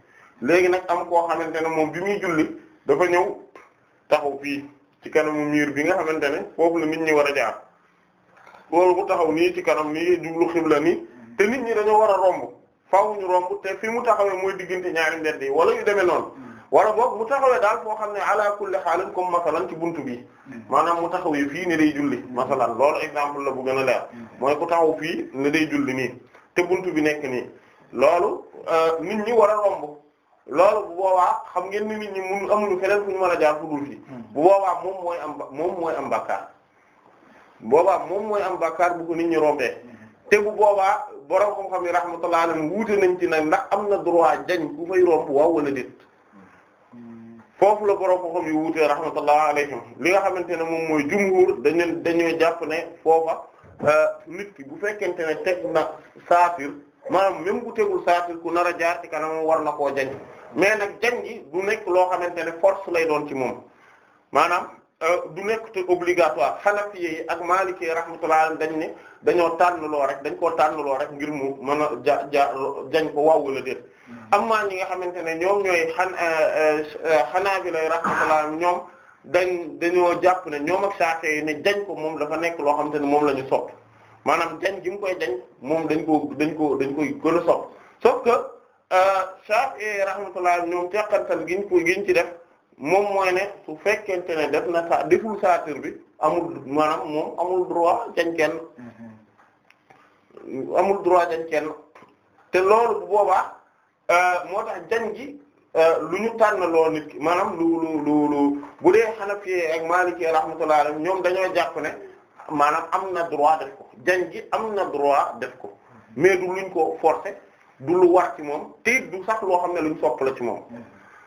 léegi nag am koo xamante ne moom bi muy julli dafa ñëw taxaw fii ci kanamu miir bi nga xamante ne foofu la nit ñi war a jaar loolu bu taxaw nii ci kanam nii jublu xibla nii te nit ñi dañoo war a romb faw ñu romb te fi mu taxawee mooy diggante ñaari mbedd yi wala yu demee noonu mm. wala boog mu taxawee daal foo xam ne ala kulli xaalin comme masalan ci bunt bi mm. maanaam mu taxawee fii ne day julli mm. masalan loolu exemple la bu gën a leer mooy ku taxaw fii ne day julli nii te bunt bi nekk nii loolu euh, nit ñi wara a romb loolu bu boobaa xam ngeen ni nit ñi mun amuñu keneen fu ñu mën a jaar fu dul fii hmm. bu boobaa moom mooy am moom mooy am bakkaar boobaa moom mooy am bakkaar bu ko nit ñi rombee hmm. te bu boobaa borom xam-xam yi rahmatullah alayhi wuute nañ ci nag ndax am na droit jañ ku fay romb waaw wala hmm. foofu la borom xam-xam yi wuute rahmatullah alayhim li nga xamante ne moom mooy jumhur dañu dañoo jàpp ne foofa euh, nit ki bu fekkente ne teg na saafir maanaam même bu tegul saafir ku nar a jaar ci kanam war na koo jañ. mais nag jàng gi du nekk loo xamante ne force lay doon ci moom maanaam euh, du nekk te obligatoire Hanafi yi ak Maliki rahmatullah dañ ne dañoo tànnloo rek dañ koo tànnloo rek ngir mu mën a ja ja jañ ko waaw wala déet hmm. am ñi nga xamante ne ñoom ñooy xan euh, euh, Hanabila rahmatullah ñoom dañ dañoo jàpp ne ñoom ak Shafi'i ne jañ ko moom dafa nekk loo xamante ne moom la ñu sopp maanaam jañ gi mu koy jañ moom dañ ko dañ ko dañ koy gën a sopp que Euh, Shafi'i eh, rahmatullah ñoom teqantal giñ ko giñ ci def moom mooy ne su fekkente ne def na sa deful saatir bi amul maanaam moom amul droit jañ kenn mm-hmm. amul droit jañ kenn te loolu bu boobaa euh, moo tax jañ gi euh, lu ñu tànn loo nit ki maanaam lu lu lu lu bu dee Hanafi ak Maliki rahmatullah ñoom dañoo jàpp ne maanaam am na droit def ko jañ gi am na droit def ko mm-hmm. mais du luñ ko forcer. du lu war ci moom te du sax loo xam ne luñ sopp la ci moom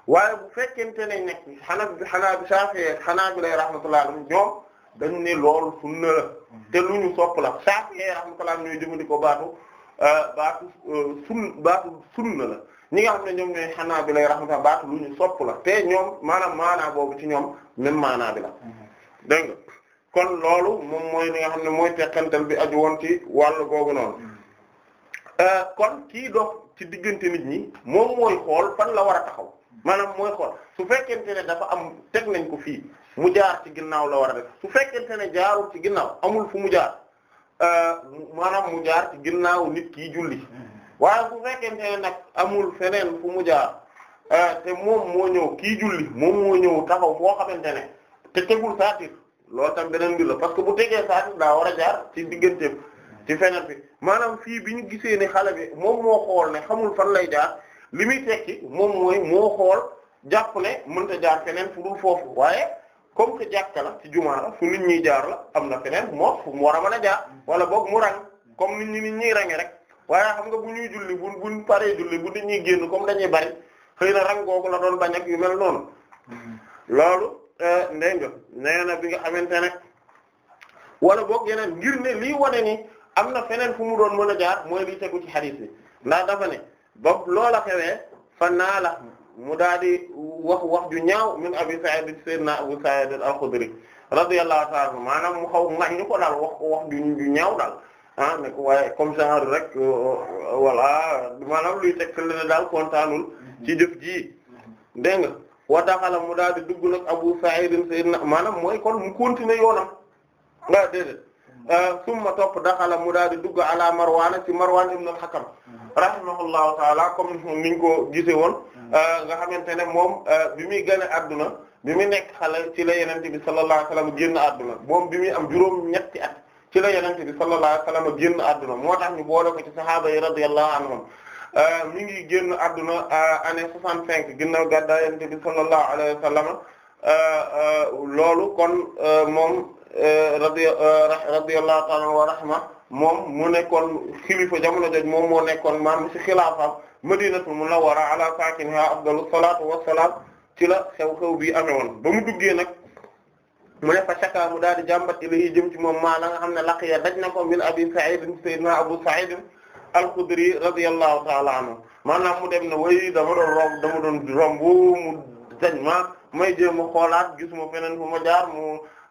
waaye bu fekkente ne nekk xanaa bi xanaa bi Shafi'i xanaa bi lay rahmatullah alayhi ñoom dañu ne loolu sunna la te lu ñu sopp la Shafi'i rahmatullah ñooy jëfandikoo baatu euh, baatu euh, sun baatu nga xam ne ñoom ñooy xanaa bi lay rahmatullah baatu lu ñu sopp la te ñoom maanaam maanaa boobu ci ñoom même maanaa bi la dégg kon loolu moom mooy li nga xam ne mooy tekkantal bi aju woon ci wàllu googu noonu Euh, kon kii dox ci diggante nit ñi moom mooy xool fan la war a taxaw maanaam mooy xool su fekkente ne dafa am teg nañ ko fii mu jaar ci ginnaaw la war a def su fekkente ne jaarul ci ginnaaw amul fu mu jaar euh, maanaam mu jaar ci ginnaaw nit kii julli waaye su fekkente ne nag amul feneen fu mu jaar euh, te moom moo ñëw kii julli moom moo ñëw taxaw foo xamante ne te tegul saatir loolu tam beneen mbir la parce que bu tegee saatir daa war a jaar ci digganteem ci feñal bi maanaam fii bi ñu gisee ni xale bi moom moo xool ne xamul fan lay jaar li muy tekki moom mooy moo xool jàpp ne mënta jaar feneen fu dul foofu waaye comme que jàkka la ci jumaa la fu nit ñi jaar la am na feneen moo fu mu war a mën a jaar wala boog mu rang comme nit ñi nit ñiy range rek waaye xam nga bu ñuy julli bu buñ paree julli bu nit ñuy génn comme dañuy bari xëy na rang googu la doon bañ ak yu mel noonu loolu euh, ndég nga nee bi nga xamante ne wala boog yeneen ngir ne lii am na feneen fu mu doon mën a jaar mooy li tegu ci xadis ndaa ndax dafa ne ba loola xewee fa naa mu daal di wax wax ju ñaaw min Abi Sa'id sayyidina Abu Sa'id al-Khudri radiyallahu ta'ala anhu maanaam mu xaw ngañ ko daal wax ko wax ju ñaaw daal ah ne ko waaye comme genre rek euh, euh, voilà maanaam luy teg ne daal kontaanul ci jëf ji dégg nga wa daxala mu daal di dugg nag Abu Sa'id sayyidina maanaam mooy kon mu continuer yoonam nga déedéet Euh, summa topp daxala mu daal di dugg ala marwaana ci marwaan ibn al-Hakam mm-hmm. rahimahullahu taala comme niñ ko gisee woon mm-hmm. euh, nga xamante ne moom euh, bi muy gën a adduna bi muy nekk xale ci la yenente bi sallallahu alayhi wasallam génn adduna moom bi am juróom ñetti at ci la yenente bi sallallahu alayhi wasallam génn adduna moo tax ñu boole ko ci sahaaba yi radiyallahu anhum mi ngi génn adduna année soixante-cinq ginnaaw gàddaa yenente bi sallallahu alayhi wasallam loolu kon moom Euh, radi euh, radiyallahu ta'ala wa rahma moom mu nekkoon xilifa jamono jooju moom moo nekkoon maam ci xilaafam madinatul munawwara ala saakinihaa afdalu salaatu wassalaam ci la xew-xew bii amee woon ba mu duggee nag mu ne fa mu daal di jàmbat ilayhi jëm ci moom maa la nga xam ne daj na ko min abi sa'id sayyidina abu sa'id al-khudri radiyallahu ta'ala anhu maanaam mu dem ne way dama doon romb dama mu daj ma may jéem a xoolaat gisuma feneen fu ma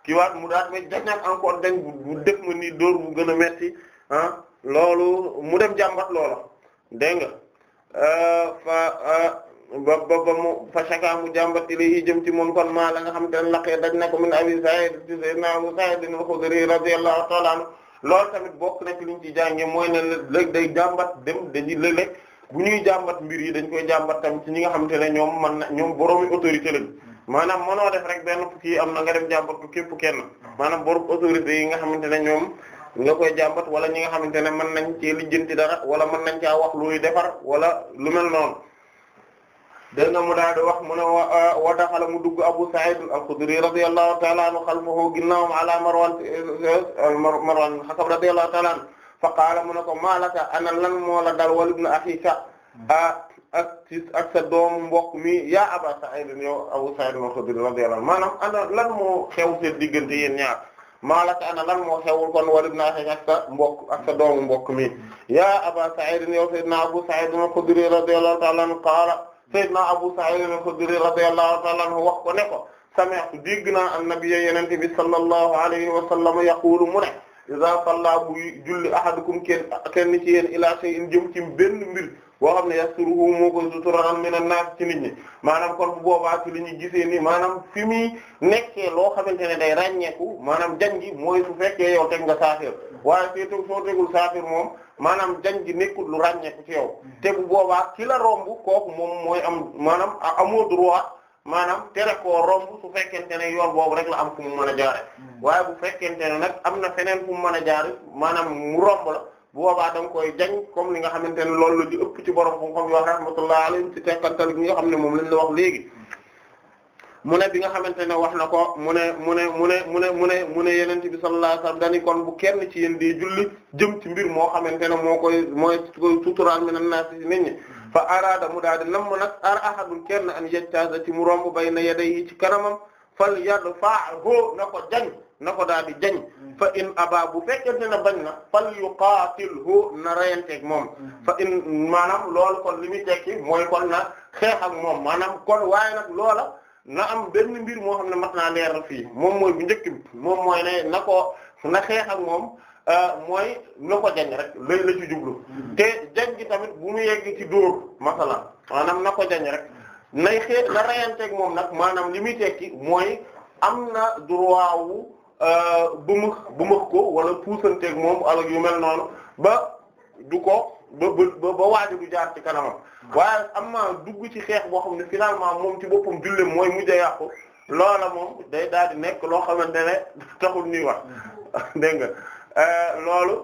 kii mu daat may jañaat encore dañ bu def ma nii dóor bu gën a metti ah loolu mu dem jàmbat loola dégg nga euh, fa euh, ba ba ba mu fa shaka mu jàmbat ilay jëm ci moom kon maa la nga xam te ne laqee daj na ko min abi Sa'id ci sayyidina Abu Sa'id al-Khudri radiyallahu ta'ala anhu loolu tamit bokk na ci liñ ci mooy ne léeg day jàmbat dem dañuy léeg bu ñuy jàmbat mbir yi dañ koy jàmbat tamit ci ñi nga xamante ne ñoom man na ñoom boroomi autorité lañ maanaam mënoo def rek benn kii am na nga dem jàmbat ko képp kenn maanaam borom autorité yi nga xamante ne ñoom nga koy jàmbat wala ñi nga xamante ne mën nañ ci lijjanti dara wala mën nañ caa wax luy defar wala lu mel noonu dégg nga mu daal di wax mu ne wa euh, daxala mu dugg Abu Sa'id al-Khudri radiyallahu ta'ala anhu xalfahu ginnaawam ala Marwan euh, Marwan Hakam radiyallahu fa qaala mu ne ko ma laka ana lan moo la dal wal ibn ak ci ak sa doom mbokk mi yaa Aba Sa'id yow Abu Sa'id al-Khudri radiyallahu anhu maanaam ana lan moo xew seen diggante yéen ñaar maalaka ana lan moo xewul kon wala naa xeex ak sa mbokk ak sa doomu mbokk mi yaa Aba Sa'id yow Seydina Abu Sa'id al-Khudri radiyallahu ta'ala anhu qaala Seydina Abu Sa'id al-Khudri radiyallahu ta'ala anhu wax ko ne ko sami'tu dégg naa an-nabiyya yonent bi sallallahu alayhi wa sallam yaqulu mu ne iza salla bu julli ahadukum kenn kenn ci yéen ila shay'in jëm ci benn mbir. boo xam ne yasturuhu moo koy sutural min an-nas ci nit ñi maanaam kon bu boobaa ci li ñu gisee ni maanaam fi muy nekkee loo xamante ne day ràññeeku maanaam jan gi mooy su fekkee yow teg nga saafir waaye surtout soo tegul saafir moom maanaam jan gi nekkul lu ràññeeku ci yow te bu boobaa ki la romb kooku moom mooy am maanaam amoo droit maanaam tere koo romb su fekkente ne yow boobu rek la am fu mu mën a jaare hmm. waaye bu fekkente ne nag am na feneen fu mu mën a jaare maanaam mu romb la boobaa da nga koy jañ comme li nga xamante ne loolu la di ëpp ci borom xam-xam yoo rahmatullah alayhim ci tekkantal gi nga xam ne moom lañ la wax léegi mu ne bi nga xamante ne wax na ko mu ne mu ne mu ne mu ne mu ne mu ne yeneen bi sallallahu alayhi wasallam dañu kon bu kenn ci yéen di julli jëm ci mbir moo xamante ne moo koy mooy suturaal mi nan naa si nit ñi fa araada mu daal di nam nag ar ahadul kenn an yejtaasa ci mu romb bay na yeday yi ci kanamam fal yad faaho na ko jañ na ko daal di jañ mm. fa in aba bu fekkente ne bañ na fal yuqaatilhu na reyanteeg moom mm. fa in maanaam lool kon li muy tekki mooy kon na xeex moom maanaam kon na am benn mbir moo xam ne mat naa leeral fii moom mooy bu njëkk moom mooy ne na ko na ak moom euh, mooy na ko jañ rek lay la ci jublu mm. te jañ gi tamit bu mu yegg ci dóor masala maanaam na ko jañ rek na reyanteeg moom nag maanaam li muy tekki mooy am na droit wu bëmëx euh, bëmëx ko wala puusanteeg moom alak yu mel noonu ba du ko ba ba ba jaar ci kanamam waaye am na dugg ci xeex boo xam ne finalement moom ci boppam jullem mooy mujj a yàqu loola moom day daal di nekk loo xamante ne taxul ñuy wax dégg nga euh, loolu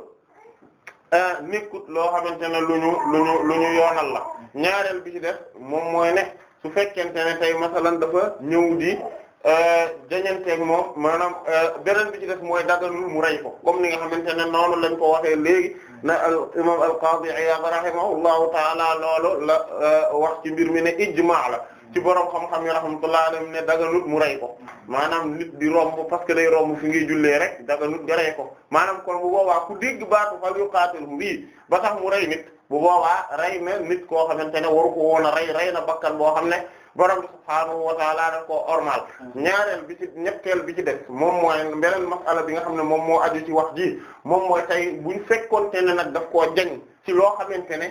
euh, nekkut loo xamante lu ñu lu ñu lu ñu yoonal la ñaareel bi ci def moom mooy ne su fekkente ne tey masalan dafa ñëw di Euh, jañanteeg moom maanaam euh, beneen bi ci def mooy dagganul mu rey ko comme ni nga xamante ne noonu lañ ko waxee léegi na al imam al qadi Iyaad rahimahullahu taala loolu la euh, wax ci mbir mi ne ijmaa la ci borom xam-xam yi rahmatullahi alayhim ne daganut mu rey ko maanaam nit di romb parce que day romb fi ngi jullee rek daga nga rey ko maanaam kon bu boobaa ku dégg baatu fal yuqaatilhu bii ba tax mu rey nit bu boobaa ray na nit koo xamante ne waru ko woon a rey na bakkan boo xam ne borom bi subhaanahu wa ta'ala daf koo ormal ñaareel bi ñetteel bi ci def moom mooy beneen masala bi nga xam ne moom moo aju ci wax ji moom mooy tey buñ fekkoonte ne nag daf ko jañ ci loo xamante ne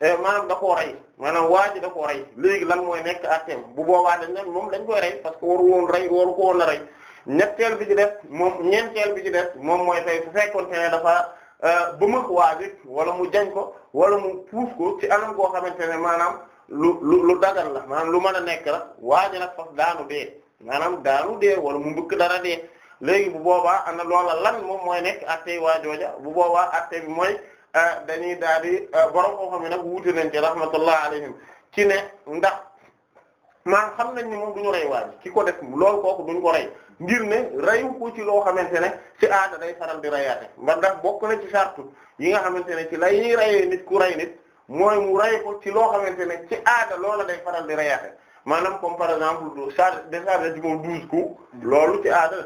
eh, maanaam da koo rey maanaam waa ji da koo rey léegi lan mooy nekk àtteem bu boobaa dañ ne moom dañ koy rey parce que waru woon rey waru ko woon a rey ñetteel bi ci def moom ñeenteel bi ci def moom mooy tey su fekkoonte ne dafa eh, ba mëx waa ji wala mu jañ ko wala mu puuf ko ci anam goo xamante ne maanaam lu lu lu dagan la maanaam lu mën a nekk la waaj nag fas daanu dee maanaam daanu dee wala mu mbëkk dara dee léegi bu boobaa ana loola lan moom mooy nekk attey waajooja bu boobaa atte bi mooy euh, dañuy daal di euh, borom koo xam ne nag wuute nañ ci rahmatullah alayhim ci ne ndax maanaam xam nañ ni moom du ñu rey waaj ci ko def loolu kooku duñ ko rey ngir ne reyu ko ci loo xamante ne ci aada day faral di reyaate mba ndax bokk na ci sartu yi nga xamante ne ci lay reyee nit ku rey mooy mu rey ko ci loo xamante ne ci aada loola day faral di reyaate maanaam comme par exemple du charge décharge ci moom douze coups loolu ci aada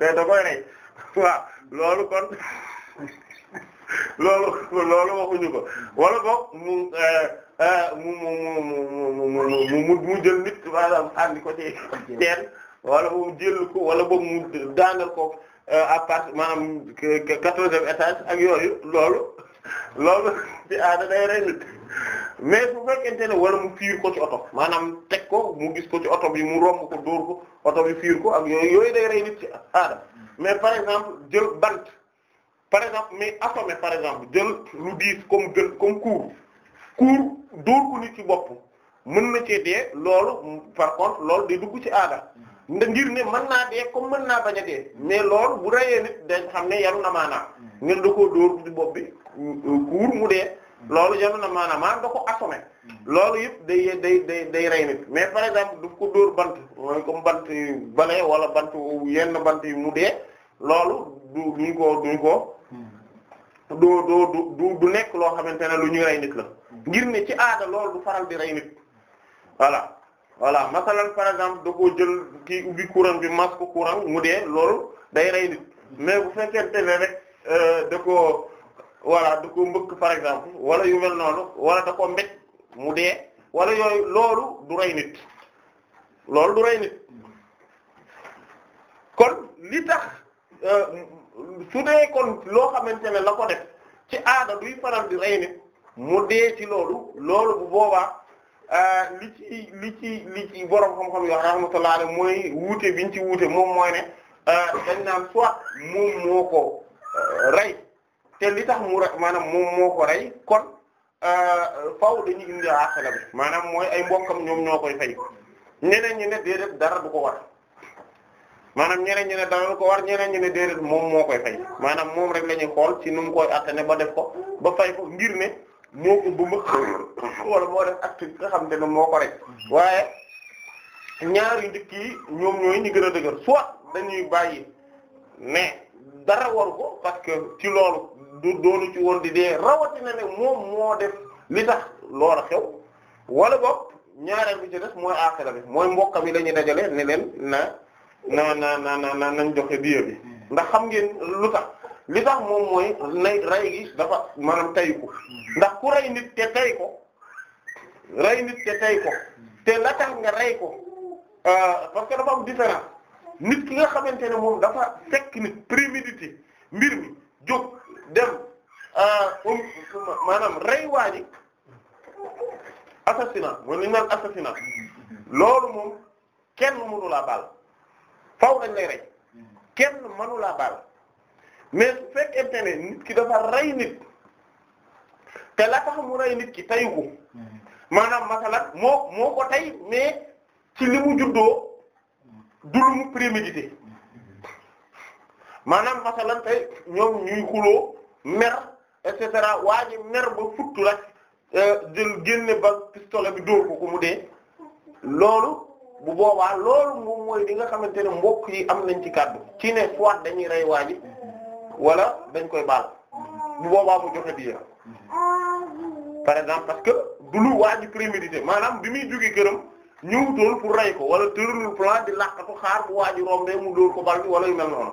day da koy rey waaw loolu kon loolu loolu waxuñu ko wala boog mu mu mu mu mu mu jël nit maanaam andi ko ci teen wala mu jël ko wala boog mu daangal ko à part maanaam quatorzième étage ak yooyu loolu loolu ci aada day rey nit mais bu fekkente ne wala mu fiir ko ci oto maanaam teg ko mu gis ko ci oto bi mu romb ko dóor ko oto bi fiir ko ak yooyu yooyu day rey nit ci aada mais par exemple jël bant par exemple mais assommer par exemple jël lu diis comme gën comme kuur kuur dóor ko nit ci bopp mën na cee dee loolu par contre loolu di dugg ci aada nda ngir ne mën naa dee comme mën naa bañ a dee mais loolu bu rayee nit dañ xam ne yaru na maanaam mm. ngeen da koo dóor ci bopp bi euh, kuur mu dee mm. loolu yaru na maanaam maanaam da ko assommé mm. loolu yëpp day day day day rey nit mais par exemple daf ko dóor bant mooy comme bant bale wala bant yenn bant yi mu dee loolu du duñ ko duñ ko doo du du nekk loo xamante ne lu ñuy rey nit la ci aada loolu du faral di rey nit voilà voilà masalan par exemple da koo jël kii ubbi courant bi mas ko courant mu dee loolu day rey nit mais bu fekkente ne rek euh, da koo voilà da koo mbëkk par exemple wala yu mel noonu wala da koo mbéj mu dee wala yooyu loolu du rey nit loolu du rey nit kon li tax euh, su dee kon loo xamante ne la ko def ci aada duy faral di rey nit mu dee ci loolu loolu bu boobaa Euh, li ci li ci borom xam-xam yoo rahmatullah alayhi mooy wuute biñ ci wuute moom mooy ne euh, dañ naan soit moom moo ko euh, rey te li tax mu rek maanaam moom moo ko rey kon faaw dañuy indi àqala bi maanaam mooy ay mbokkam ñoom ñoo koy fay ñeneen ñi ne déedéet dara du ko war maanaam ñeneen ñi ne dara du ko war ñeneen ñi ne déedéet moom moo koy fay maanaam moom rek la ñuy xool ci nu mu koy attane ba def ko ba fay ko ngir ne. moo ko bu ma wala moo def acte bi xam xamante ne moo ko rek waaye ñaari njëkk yi ñoom ñooy ñi gën a dëgër soit dañuy bàyyi mais dara waru ko parce que ci loolu du doonu ci woon di dee rawatina ne moom moo def li tax loola xew wala bopp ñaareel bi ci def mooy aaxira bi mooy mbokkam yi la ñuy dajale ne leen na na na na na nañ joxe diya bi hmm. ndax xam ngeen lu tax. li tax moom mooy nay rey gi dafa maanaam tay ndax ku rey nit te tay ko rey nit te tay ko te la tax nga rey ko euh, parce que dafa am nit ki nga xamante ne moom dafa fekk nit prémédité mbir mi jóg dem euh, um, maanaam rey waa ji assassinat mooy li ñu naan assassinat loolu moom kenn mënu laa baal faaw dañ lay rey kenn mënu laa baal. mais su fekkente ne nit ki dafa rey nit te la tax mu rey nit ki tayu ko mm-hmm. maanaam masalan moo moo ko tey mais ci li mu juddoo du lu mu prémédité mm-hmm. maanaam masalan tey ñoom ñuy xuloo mer et cetera waa ji mer ba futtu euh, rek jël génne ba pistolet bi dóor ko ko mu dee loolu bu boobaa loolu moom mooy li nga xamante ne mbokk yi am nañ ci kàddu ci ne soit dañuy rey waa ji wala dañ koy baal bu boobaa mu joxe diya par exemple parce que du lu waa ji prémédité maanaam bi muy jógee këram ñëw tool pour rey ko wala tëralul plan di làqatu xaar bu waa ji rombé mu dóor ko bal bi wala yu mel noonu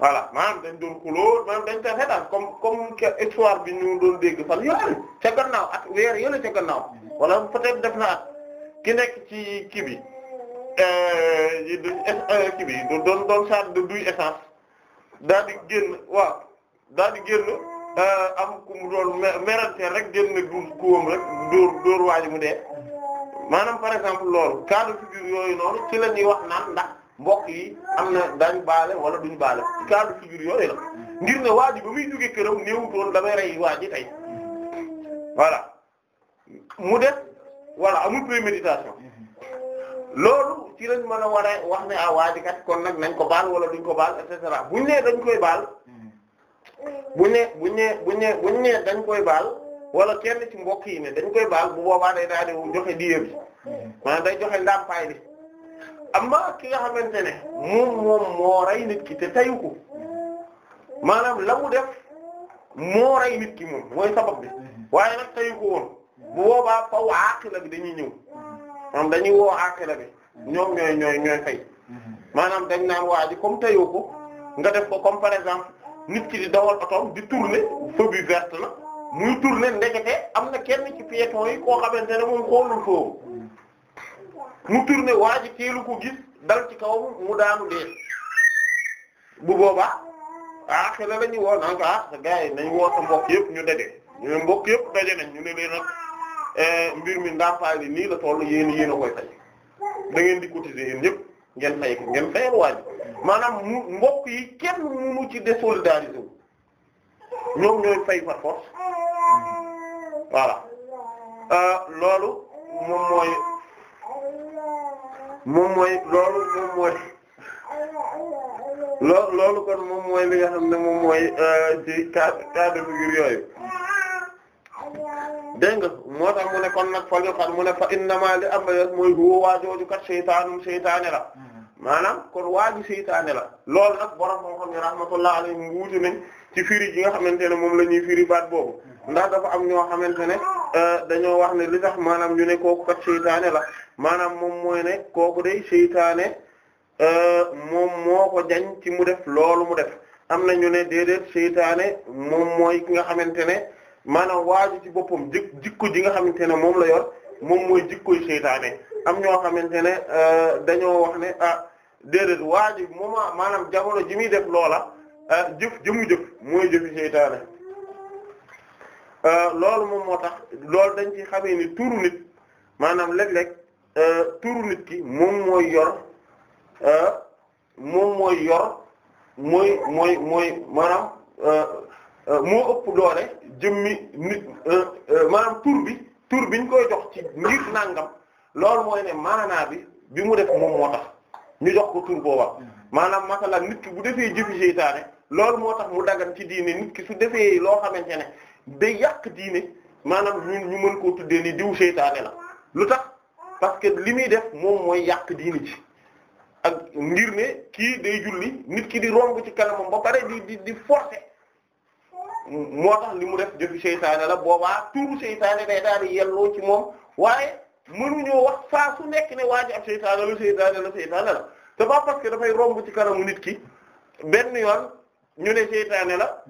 voilà maanaam dañ doon xuloo maanaam dañ koy xetal comme comme histoire bi ñu doon dégg fan yooyu ca gannaaw at weer yële ca gannaaw wala peut-être def na ki nekk ci kii bi euh, kii bi doon doon saat de duy essence daal di génn waaw daal di génn euh, am ku mu doon meranteel rek génn du kuwam rek dóor dóor waaji mu dee maanaam par exemple loolu cas de figure yooyu noonu ci la ñuy wax naan ndax mbokk yi am na daañu baale wala duñu baale cas de figure yooyu ngir ne waa ji ba muy jógee këram néewutoon damay rey waa ji tey voilà mu def voilà amul préméditation loolu ci lañ ma na war wax ne ah waa ji kon nag nañ ko baal wala duñ ko baal et bu buñ nee dañ koy baal buñ nee buñ nee buñ nee buñ dañ koy baal wala kenn ci mbokk yi ne dañ koy baal bu boobaa day daal di joxe diye bi maanaam day joxe ndàmpaay bi amma ki nga xamante ne moom moom moo rey nit ki te tayu ko maanaam la def moo rey nit ki moom mooy sabab bi waaye nag tayu ko bu boobaa faw aqila bi dañuy ñëw maanaam dañuy woo aqila bi ñoom ñooy ñooy ñooy fay maanaam dañ naan waa ji comme tayoo ko nga def ko comme par exemple nit ki di dawal oto di tourner feu bi vert la muy tourner ndekete am na kenn ci piéton yi koo xamante ne moom xoolul foofu mu tourner waa ji teelu ko gis dal ci kaw mu daanu dee bu boobaa aa xelal la ñuy woo naan ko ah nañ woo sa mbokk yëpp ñu daje ñu ne mbokk yëpp daje nañ ñu ne leen nag eh, mbir mi ndàmpaay li nii la tollu yéen yéen a koy fay. da ngeen di cotiser yéen ñëpp ngeen fay ko ngeen fayal waaj maanaam mbokk yi kenn munu ci désolidariser wu ñoom ñooy fay par force voilà euh, loolu moom mooy moom mooy loolu moom mooy loo loolu kon moom mooy li nga xam ne moom mooy euh, ci cas cas de yooyu. dégg nga moo tax mu kon nag fa xam mu ne fa innama li am na mooy huwa waajooju kat seytaanum seytaane la maanaam kon waaju seytaane la loolu nag borom moo xam ne rahmatullah ci firi ji nga xamante ne moom la ñuy firi boobu ndax am ñoo xamante ne euh, dañoo wax ne li maanaam ñu ne kooku kat seytaane la maanaam moom mooy ne kooku day seytaane euh, moom moo ko jañ ci mu def loolu mu def am na ñu ne seytaane moom mooy ki nga xamante ne. maanaam waaju ci boppam jik jikko ji nga xamante ne moom la yor moom mooy jikkoy seytaane am ñoo xamante ne euh, dañoo wax ne ah déedéet waaju moment maanaam jamono ji muy def loola euh, jëf jëmu jëf mooy jëfi seytaane euh, loolu moom moo tax loolu dañ ci xamee turu nit maanaam léeg-léeg turu nit ki moom mooy yor moom mooy yor mooy mooy mooy maanaam Euh, moo ëpp doole jëmmi nit euh, euh, maanaam tur bi tur biñ koy jox ci ngir nangam loolu mooy ne maanaa bi bi mu def moom moo tax ñu jox ko tur booba maanaam masala nit ki bu defee jëfi seytaane lool moo tax mu dagan ci diine nit ki su defee loo xamante ne day yàq diine maanaam ñun ñu mën koo tuddee ni diw seytaane la lu tax parce que li muy def moom mooy yàq diine ci ak ngir ne kii day julli nit ki di romb ci kanamam ba pare di di di forcer moo tax li mu def jëfi seytaane la boobaa turu seytaane day daal di ci moom waaye mënuñoo wax saa su nekk ne waa ji ab seytaane la seytaane la seytaane la c'est pas parce que dafay romb ci kanamu nit ki benn yoon ñu ne seytaane la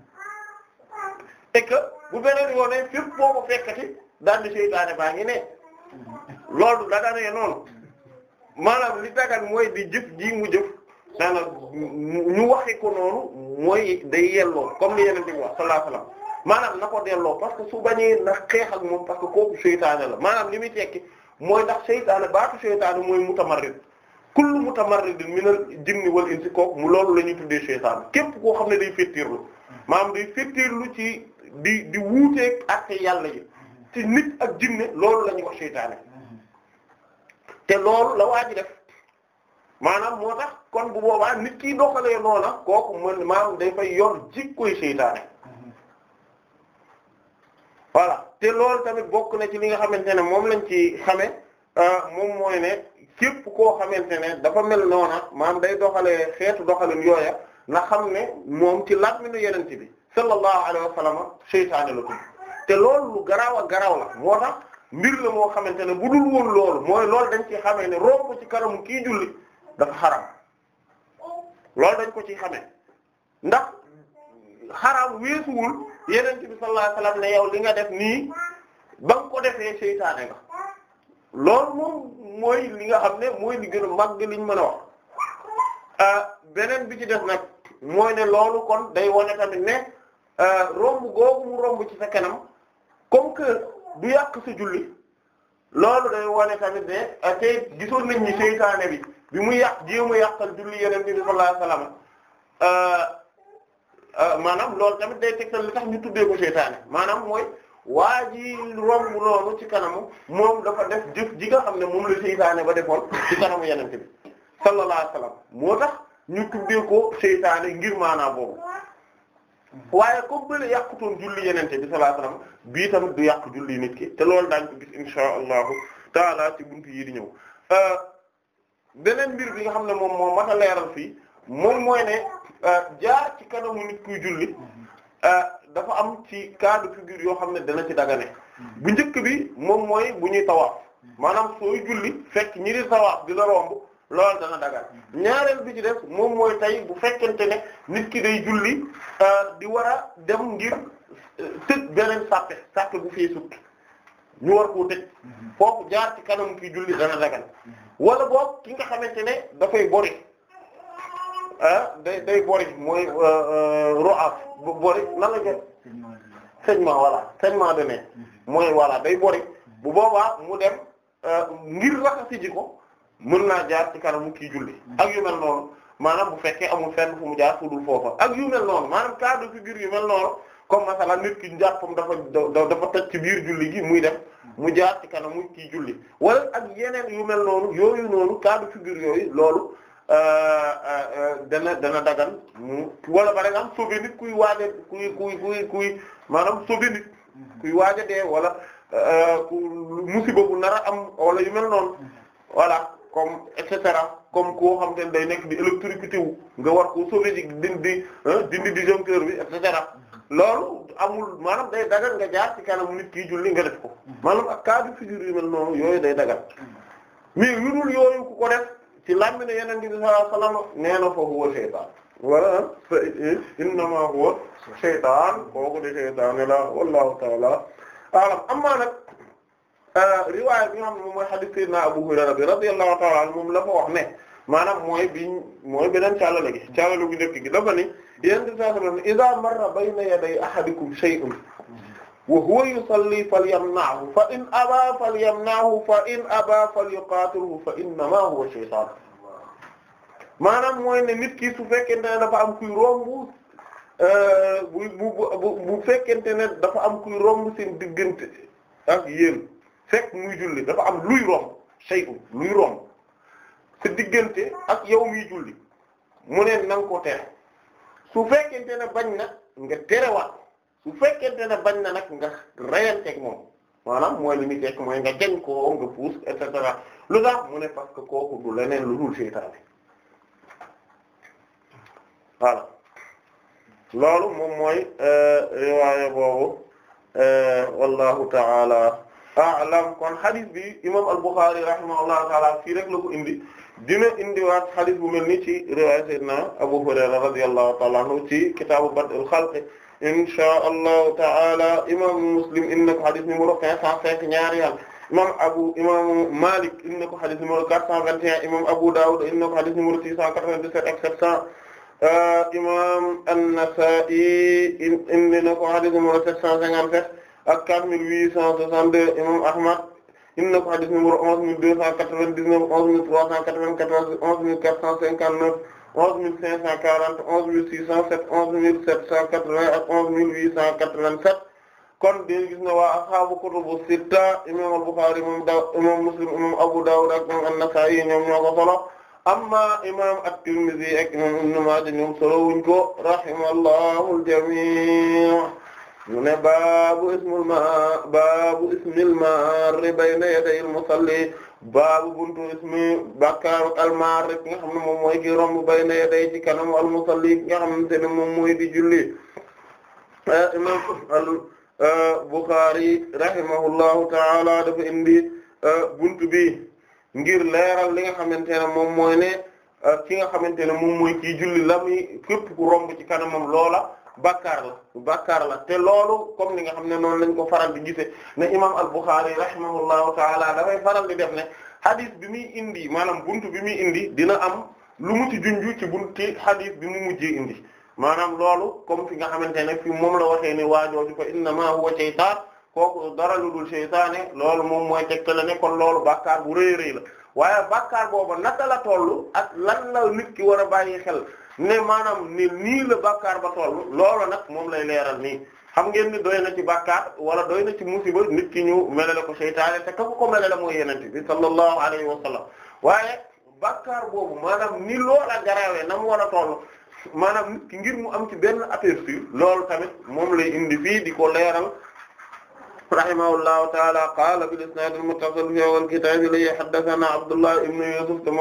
et que bu beneen yoon ne fépp boo ko fekkati daal di seytaane baa ngi ne loolu da daanee noonu maanaam li dagan mooy di jëf ji mu jëf maanaam ñu waxe ko noonu mooy day yelloo comme li yeneen di wax sallallahu alayhi maanaam na ko delloo parce que su bañee na xeex ak moom parce que kooku seytaane la maanaam li muy tekki mooy ndax seytaane baatu seytaane mooy mutamarrid kullu mutamarridin minal jinni wal insi kooku mu loolu la ñuy tuddee seytaane képp koo xam ne day fettirlu maanaam day fettirlu ci di di wuuteeg ak yàlla yi ci nit ak jinne loolu la ñuy wax seytaane te loolu la waa maanaam moo tax kon bu boobaa nit ki doxalee noona kooku mën maanaam day fay yor koy seytaane voilà te loolu tamit bokk na ci li nga xamante ne moom lañ ci xame euh, moom mooy ne képp koo xamante ne dafa mel noona maanaam day doxalee xeetu doxalin yooya na xam ne moom ci laaj mi nu yenent bi sallallahu alayhi wa seytaane la ko te lool lu garaaw ak garaaw la moo tax mbir la moo xamante ne bu dul woon loolu mooy loolu dañ ci xamee ne romb ci kanamu kii julli dafa xaram loolu dañ ko ci xamee ndax xaram weesuwul yeneen bi sallallahu la wasallam li nga def nii ba nga ko defee seytaane nga loolu moom mooy li nga xam ne mooy li gën a mag liñ mën a wax euh, beneen bi ci def nag mooy ne loolu kon day wane tamit ne euh, romb googu mu romb ci sa kanam comme que du yàq sa julli loolu day wane tamit ne euh, te gisoon nañ seytaane bi bi muy yàq jéem a yàqal julli yeneen bi sallallahu alayhi wasallam euh, euh, maanaam loolu tamit day tegtal li tax ñu tuddee ko seytaane maanaam mooy waa ji romb ci kanamu moom dafa def jëf ji nga xam ne moom la seytaane ba defoon ci kanamu yeneen bi sallallahu alayhi wasallam moo tax ñu tuddee ko seytaane ngir maanaam boobu waaye ko bële yàqutoon julli yeneen bi sallallahu alayhi wasallam bii tamit du yàq julli nit ki te loolu daañ ko gis insha allahu taala ci buntu yi di ñëw. Euh, beneen mbir bi nga xam ne moom moo mat a leeral fii moom mooy ne euh, jaar ci kanamu nit kuy julli mm-hmm. euh, dafa am ci cas de figure yoo xam ne dana ci dagane bu njëkk bi moom mooy bu ñuy tawaaf mm-hmm. maanaam sooy julli fekk ñi di tawaaf di la romb loolu dana dagan mm-hmm. ñaareel bi ci def moom mooy tey bu fekkente ne nit ki day julli euh, di war a dem ngir tëj beneen sàppe sàppe bu fee sut ñu war koo tëj foofu jaar ci kanam ki julli dana dagan wala boog ki nga xamante ne dafay bori ah day day bori mooy euh, euh, ruaf bu bori lan la jël saignement voilà saignement de nez mhm. mooy voilà day bori bu boobaa mu dem euh, ngir raxasi ji ko mun naa jaar ci kanamu kii julli mhm. ak yu mel noonu maanaam bu fekkee amul fenn fu mu jaar fu dul foofa ak yu mel noonu maanaam cas de figure yu mel noonu comme masalan nit ki njàppam dafa dafa toj ci biir julli gi muy def mu jaar ci kanam mu kii julli wala ak yeneen yu mel noonu yooyu noonu cas de figure yooyu loolu euh, euh, dana dana dagan mu wala par exemple sobe kuy waaja kuy kuy kuy kuy maanaam sobe nit kuy waaja dee wala euh, ku musiba bu am wala yu mel noonu voilà comme et cetera comme koo xam te day nekk di électrocuté wu nga war ko sauver di dindi dindi disjoncteur bi et loolu amul maanaam day dagal nga jaar ci kanamu nit julli nga def ko maanaam ak cas de figure mel noonu yooyu day dagal mais yu yooyu ku ko ci làmmi ne yeneen bi sallallahu alayhi nee na fa huwa shaytaan wala innama huwa shaytaan kooku de shaytaan la wallahu ta'ala a'lam amma nag euh, riwaaya bi nga xam ne moom mooy hadith sayyidina Abu Hurayra bi radiyallahu ta'ala anhu moom la fa wax ne maanaam mooy bi mooy beneen càllale gi càllale yéen di saa sallam iza marra bayna yaday ahadikum shay'un wa huwa yusalli falyamna'hu fa in aba falyamna'hu fa in aba falyuqatilhu fa innama huwa shaytan maanaam mooy ne nit ki su fekkente ne dafa am kuy romb euh, bu bu bu fekkente ne dafa am kuy romb seen diggante ak yéen fekk muy julli dafa am luy romb shay'un luy romb sa diggante ak yow muy julli mu ne na nga ko tere su fekkente ne bañ na nga terewaat su fekkente ne bañ na nag nga reyanteeg moom maanaam mooy li muy tekk mooy nga jañ koo nga puus et lu tax mu ne parce que kooku du leneen lu dul seytaane voilà loolu moom mooy euh, riwaaya boobu euh, wallahu taala a'lam kon hadith bi imam al-Bukhari rahimahullahu taala fii rek la ko indi dina indiwaat xadis bu mel ni ci riwaaya sayyidina Abu Hurayra radiyallahu ta'ala anhu ci kitaabu Bad'il Xalq inshaa allahu ta'ala imaamu Muslim inna ko xadis numéro cinq cent cinq ñaari yoon imam abu imaamu Malik inna ko xadis numéro quatre cent vingt et un imam Abu Dawud inna ko xadis numéro euh, imam An-Nasa'i imam Ahmad indi na ko hadith numéro onze mille deux cent quatre-vingt-dix-neuf onze mille trois cent quatre-vingt-quatorze onze mille quatre cent cinquante-neuf onze mille cinq cent quarante onze mille six cent sept onze mille sept cent quatre-vingts onze mille huit cent quatre-vingt-sept kon dén gis na waa ashaabu kutubu sitta imam al-Bukhari moom daw imam Muslim imam Abu Dawud ak imam an-Nasa'i ñoom ñoo ko amma imam at-Tirmidhi ak imam Ibn Maaja solo wuñ mu ne baabu ismul ma baabu ismil marri bayna yaday al musalli baabu buntu ismi bàkkaaru al marri ki nga xam ne moom mooy ki romb bayna yaday ci kanamu al musalli ki nga xamante ne moom mooy di julli imam al taala dafa indi buntu bi ngir leeral li nga xamante ne moom mooy ki nga xamante ne moom julli la muy képp ku romb ci kanamam loola bàkkaar la bàkkaar la te loolu comme ni nga xam ne noonu lañ ko faral di gise ne imam al-Bukhari rahimahullahu taala dafay faral di def ne hadith bi muy indi maanaam buntu bi muy indi dina am lu mu ci junju ci bunti hadith bi mu mujjee indi maanaam loolu comme fi nga xamante ne fi moom la waxee ne waajooju fa innamaa huwa shaytaan kooku dara lu dul seytaane loolu moom mooy tegtale ne kon loolu bàkkaar bu rëy rëy la waaye bàkkaar booba naka la toll at lan la nit ki war a bàyyi xel ne maanaam ni nii la bàkkaar ba toll loolu nag moom lay leeral nii xam ngeen ni doy na ci bàkkaar wala doy na ci musiba nit ki ñu melale ko seytaane te ka ko melale mooy yenente bi sallallahu alayhi wa sallam waaye bàkkaar boobu maanaam ni loola garawee na mu war a ki ngir mu am ci a aperçu lool tamit moom lay indi di ko leeral rahimahullahu taala qaala bil isnaad al muttasil fi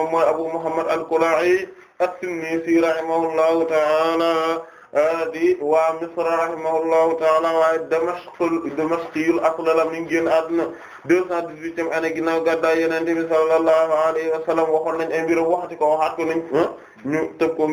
awwal Abu Muhammad al-Kula'i at-Tinnisi rahimahullahu ta'ala di waa Misr rahimahullahu ta'ala waaye Damashq Damashqiyul asl la mi ngi génn àdduna deux cent dix-huitième année ginnaaw gàddaay sallallahu alayhi wa sallam waxoon nañ ay waxati ko waxaat ko nañ ah, ñu tëb ko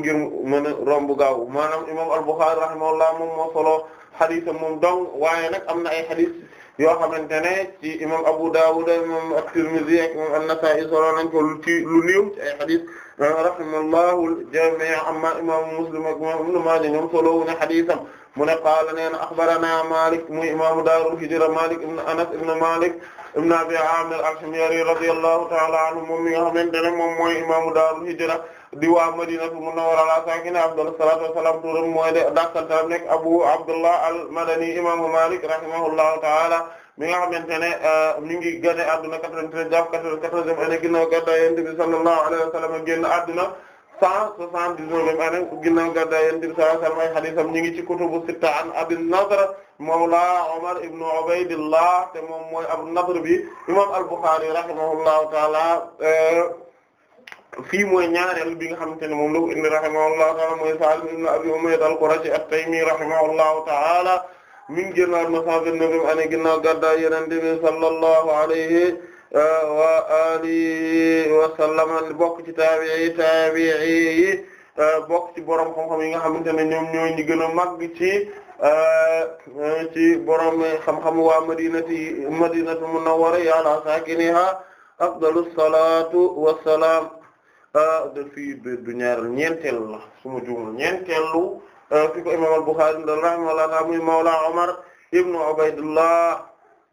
romb gaaw maanaam imam al-Bukhari rahimahullah moom moo solo xadisam dong waaye nag am na ay xadis yoo xamante ne ci imam Abu Dawud imam at-Tirmidhi ak imam an-Nasa'i solo nañ ko ci lu néew ci ay xadis rahimallahu al-jami' amma imam Muslim ak imam Ibn Majah ñoom solo wu ne xadisam mu ne qaala nee na axbarana Malik muy imaamu daarul hijra Malik ibn Anas ibn Malik ibn Abi Amir al-Himyari radiyallahu ta'ala anhu moom mi nga xamante ne moom mooy imaamu daarul hijra di waa Madinatul Munawwara ala saakinihaa afdalu salaatu wa salaam Abdullah al-Madani imaamu Maalik rahimahullahu ta'ala mi nga xamante ne euh, mi ngi génn adduna 93 jàpp 94 année ginnaaw gàddaay Yonent bi sallallahu alayhi wa sallam génn adduna 179 année ginnaaw gàddaay Yonent bi sallallahu alayhi wa sallam ay hadiisam ñu ngi ci kutubu sitta an Abi Nadr mawla Umar ibn Ubaydillah te moom mooy Abu Nadr bi imaam al-Bukhari rahimahullahu ta'ala euh, fii mooy ñaareel bi nga xamante ne moom la ko indi rahimahullahu taala mooy Salim ibn Abi Umayyah al-Qurashi at-Taymi rahimahullahu taala mi ngi génnaat na cent vingt-neuvième année ginnaaw gàddaay Yonent bi sallallahu alayhi wa alihi wa sallam bokk ci taabi'i taabi'i yi bokk ci borom xam-xam yi nga xamante ne ñoom ñooy ñi gën a màgg ci ci borom xam-xam waa Madinati Madinatu Munawwara ala saakiniha afdalu salaatu wa salaam Ah, de fii du ñaar ñeenteel la suma juumul ñeenteelu fi ah, ko imam al-Bukhari rahimahullah taala muy mawla Umar ibnu Ubaydullah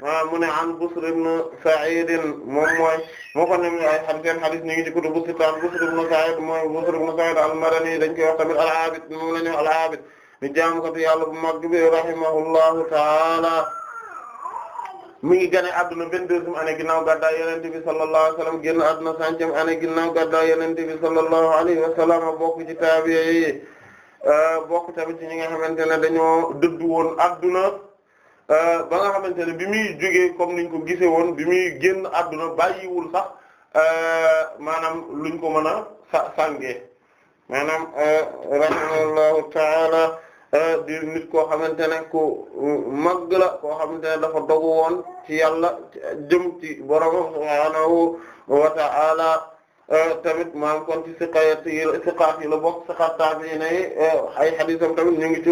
ah, mu ne an Busr ibn Sa'id moom mooy moo ko ne ay xam seen hadith ñu ngi ci kutubu sitta Busr ibn Sa'id mooy Busr ibn Sa'id al-Madani dañ koy wax tamit al-Abid moom la ñu al-Abid ni jaamukatu yàlla bu mag bi rahimahullahu taala mi ngi gane àdduna vingt-deuxième année ginnaaw gàddaay yeneen bi sallallahu alayhi wa sallam génn adduna centième année ginnaaw gàddaay yonent bi sallallahu alayhi wa sallam bokk ci taabiya yi euh, bokk tamit ci ñi nga xamante ne dañoo dëddu woon àdduna euh, ba nga xamante ne bi muy jógee comme niñ ko gisee woon bi muy génn adduna bàyyiwul sax euh, maanaam luñ ko mën a sa sàngee maanaam rahimahullahu ta'ala Euh, di nit koo xamante ne ku màgg mm, la koo xamante ne dafa dogu woon ci yàlla jëm ci borom subhaanahu wa ta'ala Euh, tamit maam kon ci siqaat yi siqaat yi la bokk siqaat tabi'in yi euh, ay hadiisam tamit ñu ngi ci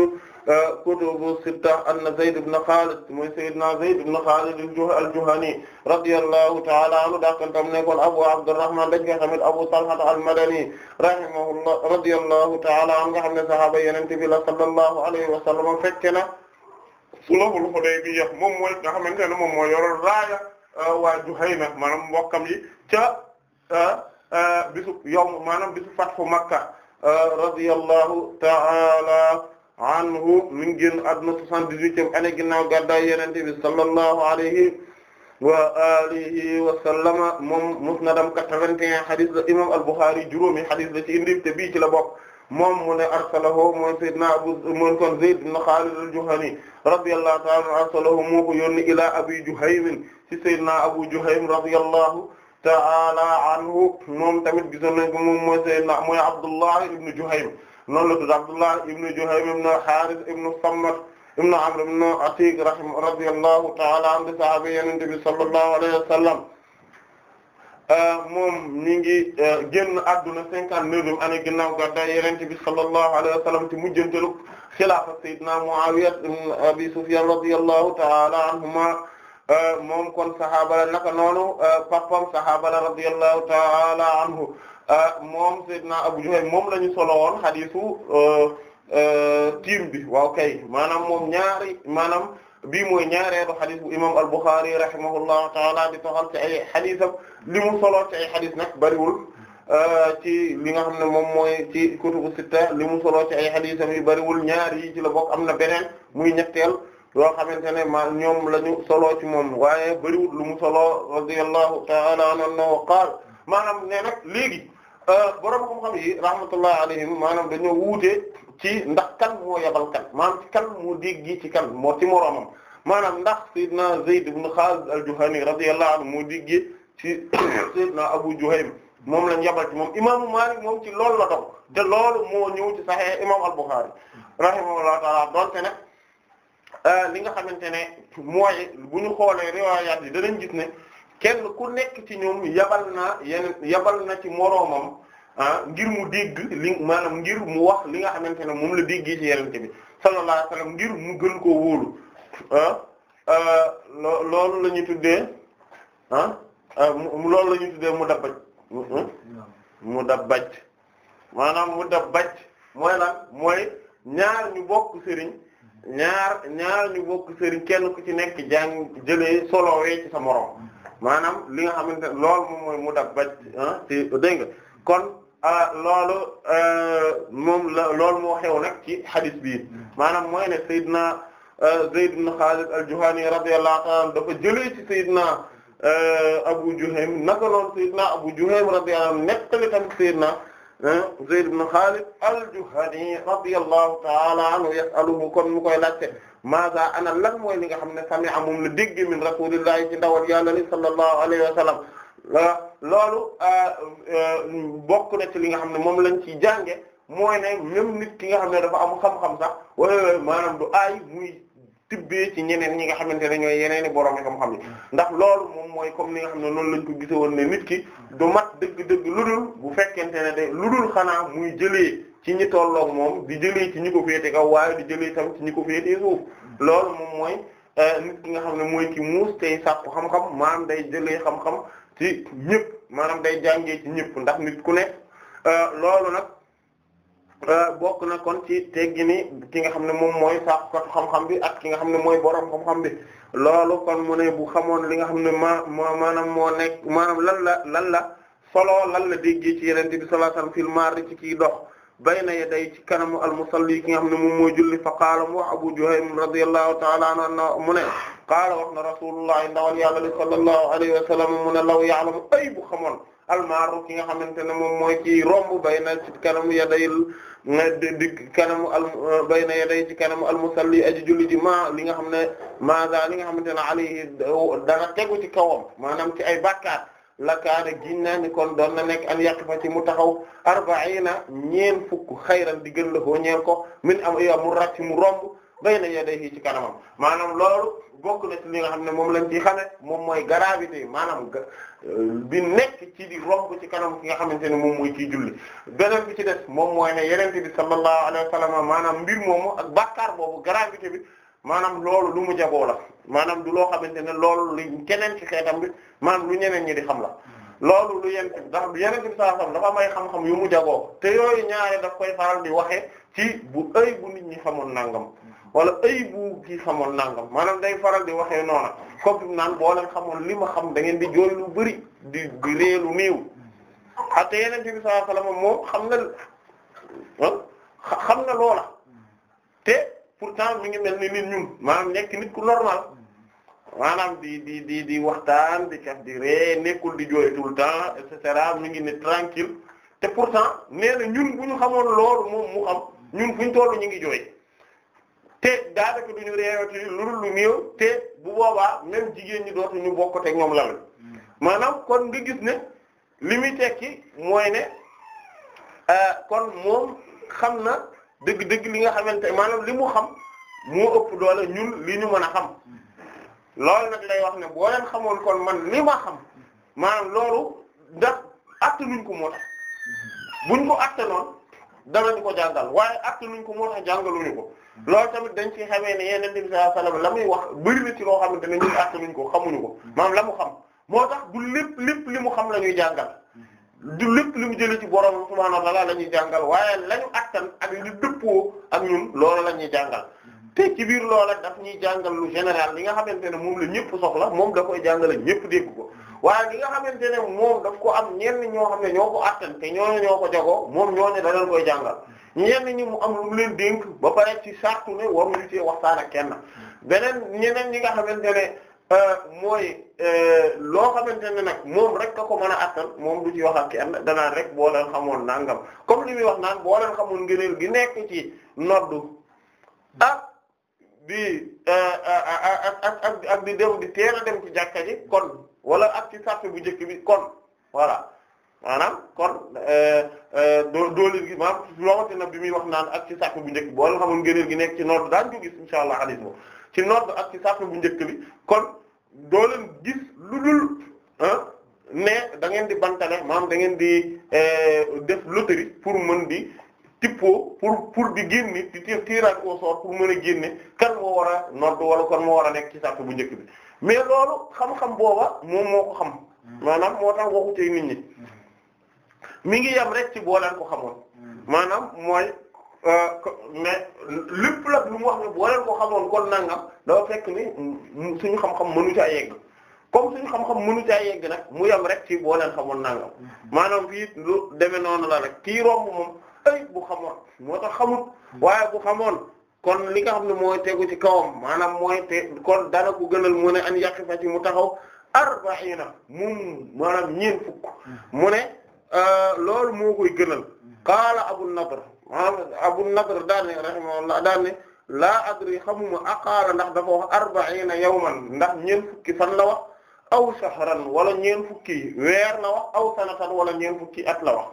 euh, kutubu sitta anna Zayd ibn Khalid mooy sayyidina Zayd ibn Khalid al-Juhani radiyallahu ta'ala anhu daakan tam nekkoon Abu Abdurrahman dañ koy tamit Abu Talha al-Madani rahimahullah radiyallahu ta'ala anhu nga xam ne sahaaba Yonent bi la sallallahu alayhi wa sallam fekke na sulhul Hudaybiyya moom mooy nga xamante ne moom moo yoroon raaya waa Juhayna maanaam mbokkam yi ca Euh, bisu yowm maanaam bisu fathu Makka euh, radiyallahu ta'ala anhu mi ngi génn àdduna soixante-dix-huitième année ginnaaw gàddaay Yonent bi sallallahu alayhi wa alihi wa sallama moom musnadam quatre-vingt-un hadith la imam al-Bukhari juróomi hadith la ci indi te bii ci la bokk moom mu ne arsalahu mooy sayyidina Abu moom kon Zayd ibn Khalid al-Juhani radiyallahu ta'ala anhu arsalahu moo ko yónni ila Abi Juhaym ci sayyidina Abu Juhaym radiyallahu ta'ala anhu moom tamit gisoon nañ ko moom mooy sayyidna mooy Abdullah ibn Juhaym noonu la tudd Abdullah ibn Juhaym ibn Harith ibn Sammat ibn Amr ibn Atiq rahim radiyallahu ta'ala anhu sahaaba Yonent bi sallallahu alayhi wa sallam moom mi ngi génn adduna cinquante-neuvième année ginnaaw gàddaay Yonent bi sallallahu alayhi wa sallam ci mujjantalu xilaafa sayyidna Muawiya ibn Abi Sufyan radiyallahu ta'ala anhuma Euh, moom kon sahaaba la naka noonu euh, papam sahaaba la radiyallahu ta'ala anhu euh, moom sayyidina Abu Juhaym moom la ñu solo woon hadisu tiim bi waaw kay maanaam moom ñaari maanaam bii mooy ñaareelu hadis bu imam al-Bukhari rahimahullahu ta'ala di toxal ci ay hadisam li mu solo ci ay hadis nag bëriwul ci li nga xam ne moom mooy ci kutubu li mu solo ay hadisam yu bëriwul ñaar yi ci la bok am na benen muy ñetteel yoo xamante ne ma ñoom la ñu soloo ci moom waaye bëriwul lu mu soloo radiyallahu ta'ala anhu qaal maanaam ne nag léegi euh, borom xam-xam yi rahmatullah alayhim maanaam dañoo wuute ci ndax kan moo yabal kan maanaam ci kan moo dégg ci kan moo ci moroomam maanaam ndax sayyidina Zayd ibn Khalid al-Juhani radiyallahu anhu moo dégg ci sayyidina Abu Juhaym moom lañ yabal ci moom imaamu Maalik moom ci loolu la dox te loolu moo ñëw ci Sahih imaam al-Bukhari rahimahullahu ta'ala doonte nag Euh, li nga xamante ne mooy bu ñu xoolee riwaayaat yi danañ gis ne kenn ku nekk ci ñoom yabal na yeneen yabal na ci moroomam ah ngir mu dégg li maanaam ngir mu wax li nga xamante ne moom la déggee ci yenente bi sallallahu alayhi ngir mu gën ko wóolu ah, euh, loolu la ñuy tuddee ah euh, loolu la ñuy tuddee mu dabbaj mm-hmm, mu dabbaj maanaam mu dabbaj mooy lan mooy ñaar ñu bokk sëriñ ñaar ñaar ñu bokk sëriñ kenn ku ci nekk jàng jëlee solo wee ci sa morom maanaam li nga xamante ne loolu moom mu dab ba ah ci dégg nga kon ah, loolu euh, moom loolu moo xew nag ci hadith bi maanaam mooy ne Seydina euh, Zayd ibn Khalid al-Juhani radiyallahu ta'ala anhu dafa jëlee ci Seydina euh, Abu Juhaym naka noonu Seydina Abu Juhaym radiyallahu anhu nettali tamit Seydina. Zayd ibn Khalid al-Juhani radiyallahu ta'ala anhu yas'aluhu kon mu koy laajte maza ana lan mooy li nga xam ne sami'a moom la dégg min rasulillahi ci ndawal yàlla ni sallallahu alayhi wa sallam ah, loolu ah, bokk na ci li nga xam ne moom lañ ci jànge mooy ne même nit ki nga xam ne dafa am xam-xam sax wala maanaam du aay muy tibbee ci ñeneen ñi nga xamante ne ñooy yeneen i borom xam-xam yi ndax loolu moom mooy comme ni nga xam ne noonu lañ ko gisoon ne nit ki du mat dëgg-dëgg lu dul bu fekkente ne de lu dul xanaa muy jëlee ci ñi tolloog moom di jëlee ci ñi ko féete kaw waaye di jëlee tam ci ñi ko féete suuf loolu moom mooy euh, nit ki nga xam ne mooy ki muus tey sàkku xam-xam maanaam day jëlee xam-xam ci ñëpp maanaam day jàngee ci ñëpp ndax nit ku nekk euh, loolu nag. Euh, bokk na kon ci teggini ki nga xam ne moom mooy sàkkatu xam-xam bi ak ki nga xam ne mooy borom xam-xam bi loolu kon mu ne bu xamoon li nga xam ne ma maanaam moo nekk maanaam lan la lan la solo lan la déggee ci yenente bi sallallahu alayhi wasallam fil marri ci kii dox bayna yaday ci kanamu almusalli ki nga xam ne moom mooy julli fa qaala mu wax Abu Juhaym radiyallahu ta'ala anhu anna mu ne qaala wax na rasulullah ndawal yàlla li sallallahu alayhi wa sallam mu ne law ya'lamu ay bu xamoon almaaru ki nga xamante ne moom mooy ci romb na ci kanamu yadayl di kanamu al uh, bayna yaday ci kanamu al musalli aji julli ji ma li xam ne maza li nga xamante ne alayhi dara tegu ci kawam maanaam ci ay bakkaar lakaana giñ naa ni kon doon na nekk an yaqifa ci mu taxaw arbaina ñeen fukk xayran di gën la koo ñen ko min am iya mu ràcc mu romb bayna yadayhi ci kanamam maanaam loolu bokk na ci li nga xam ne moom lañ ciy xame moom mooy gravité maanaam bi nekk ci di romb ci kanam ki nga xamante ne moom mooy ciy julli beneen bi ci des moom mooy ne yenente bi sallallahu alayhi wa sallam maanaam mbir moomu ak bàkkaar boobu gravité bi maanaam loolu lu mu jaboo la maanaam du loo xamante ne loolu lu keneen ci xeetam bi maanaam lu ñeneen ñi di xam la loolu lu yenente bi ndax yenente bi sallallahu alayhi dafa may xam-xam yu mu jagoo te yooyu ñaare daf koy faral di waxee ci bu ëy bu nit ñi xamoon nangam wala ay bu kii xamoon nangam maanaam day faral di waxee noona comme naan boo xamoon li ma xam da ngeen di jooy lu bari di di ree lu néew ate yeneen bi sallallahu alayhi moom xam na ah, xam na loola te pourtant mi ngi mel ni nit ñun maanaam nekk nit ku normal maanaam di di di di waxtaan di caf di ree nekkul di jooy tout le temps et cetera mi ngi ne tranquille te pourtant nee na ñun bu ñu xamoon loolu moom mu am ñun fu ñu tollu ñu ngi jooy te daanaka du ñu réewati lu dul lu néew te bu boobaa même jigéen ñi dootu ñu bokkate ñoom lal maanaam kon nga gis ne li muy tekki mooy ne euh, kon moom xam na dëgg-dëgg li nga xamante maanaam li mu xam moo ëpp doole ñun li ñu mën a xam lool nag lay wax ne boo leen xamoon kon man li ma xam maanaam loolu ndax attanuñ ko moo tax buñ ko noon danañ ko jàngal waaye attanuñ ko moo tax jàngaluñu ko loolu tamit dañ ci xamee ne yeneen bi sallallahu alayhi wasallam la muy wax bëri na ci loo xamante ne ñun attanuñ ko xamuñu ko maanaam la mu xam moo tax du lépp lépp li mu xam la ñuy jàngal du li mu jëlee ci borom subhaanahu wa ta'aala la ñuy jàngal waaye la ñu attan ak li ak ñun loolu la ñuy jàngal te ci biir loola daf ñuy jàngal lu général li nga xamante ne moom la ñëpp soxla moom da koy jàngale ñëpp dégg ko waaye li nga xamante ne moom daf ko am ñenn ñoo xam ne ñoo ko attan te ñooñu ñoo ko jagoo moom ñooñu da leen koy jàngal ñenn ñi mu am lu mu leen dénk ba pare ci sartu ne waruñu ci waxtaan ak kenn beneen ñeneen ñi nga xamante ne euh, mooy euh, loo xamante ne nag moom rek ka ko mën a attan moom du ci wax ak kenn danaan rek boo leen xamoon nangam comme li muy wax naan boo leen xamoon ngëneel gi nekk ci noddu ah bi euh, ak di dem di teel dem ci jàkka ji kon wala ak ci sart bu njëkk bi kon voilà. maanaam kon euh, euh, doo doo leen gis maanaam rawatina bi muy wax naan ak ci sàpp bu njëkk bi wala xamul ngëneel gi nekk ci nodd daan ko gis insha allah hadith boobu ci nodd ak ci sàpp bu njëkk bi kon doo leen gis lu dul ne da ngeen di bantale maanaam da ngeen di euh, def loterie pour mën di tippoo pour pour di génne di tirage au sort pour mën a génne kan moo war a nodd wala kan moo war a nekk ci sàpp bu njëkk bi mais loolu xam-xam booba moom moo xam hmm. maanaam moo tax waxu mi ngi yem rek ci boo leen ko xamoon hmm. maanaam mooy euh, mais lépp la lu mu wax ne boo leen ko xamoon kon nangam dafa fekk ni suñu xam-xam mënu caa yegg comme suñu xam-xam mënu caa yegg nag mu yem rek ci boo leen xamoon nangam hmm. maanaam fii lu demee noonu la rek kii moom ay bu xamoon moo tax xamut hmm. waaye bu xamoon kon li nga xam ne mooy tegu ci kawam maanaam mooy te kon dana ko gënal mu ne an yàqi fa ci mu taxaw arbaina mum maanaam ñeen fukk mu ne Euh, loolu moo koy gënal qaala Abu Nadr Abu Nadr daal ne rahimahullah daal ne laa adri xamuma aqaala ndax dafa wax arba'iina yawman ndax ñeent fukki fan la wax aw shahran wala ñeent fukki weer la aw sanatan wala ñeent fukki at la wax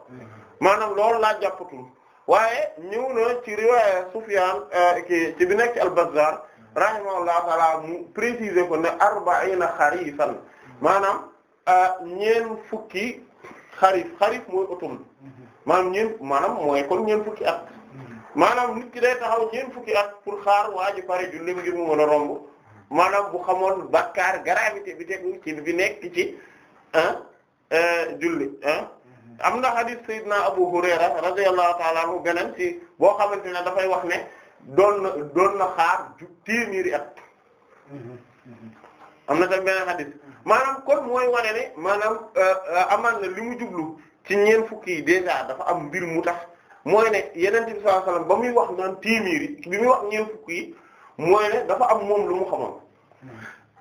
lool loolu laa jàppatul waaye ñëw na ci riwaaya Sufyaan euh, ki ci bi nekk al-Bazzaar rahimahullahu taala mu préciser ko ne arba'iina xariifan maanaam euh, ñeent fukki xarif xarif mooy autoroute maanaam ñeent maanaam mooy kon ñeent fukki at maanaam nit ki day taxaw ñeent fukki at pour xaar waa ji pare julli ngir mu mën a romb maanaam bu xamoon bakkaar gravité bi tegu ci bi nekk ci ah eh, julli ah am na hadith Seydina Abu Hurayra radiyallahu ta'ala anhu ci boo xamante ne dafay wax ne doon na doon na xaar ju at mm-hmm. Mm-hmm. am na tam beneen hadith maanaam kon mooy wane ne maanaam euh, euh, amaan na li mu jublu ci ñeent fukki yi dafa am mbir mu tax mooy ne yeneen bi ba muy wax naan téeméer yi muy wax ñeent fukki mooy ne dafa am moom lu mu xamoon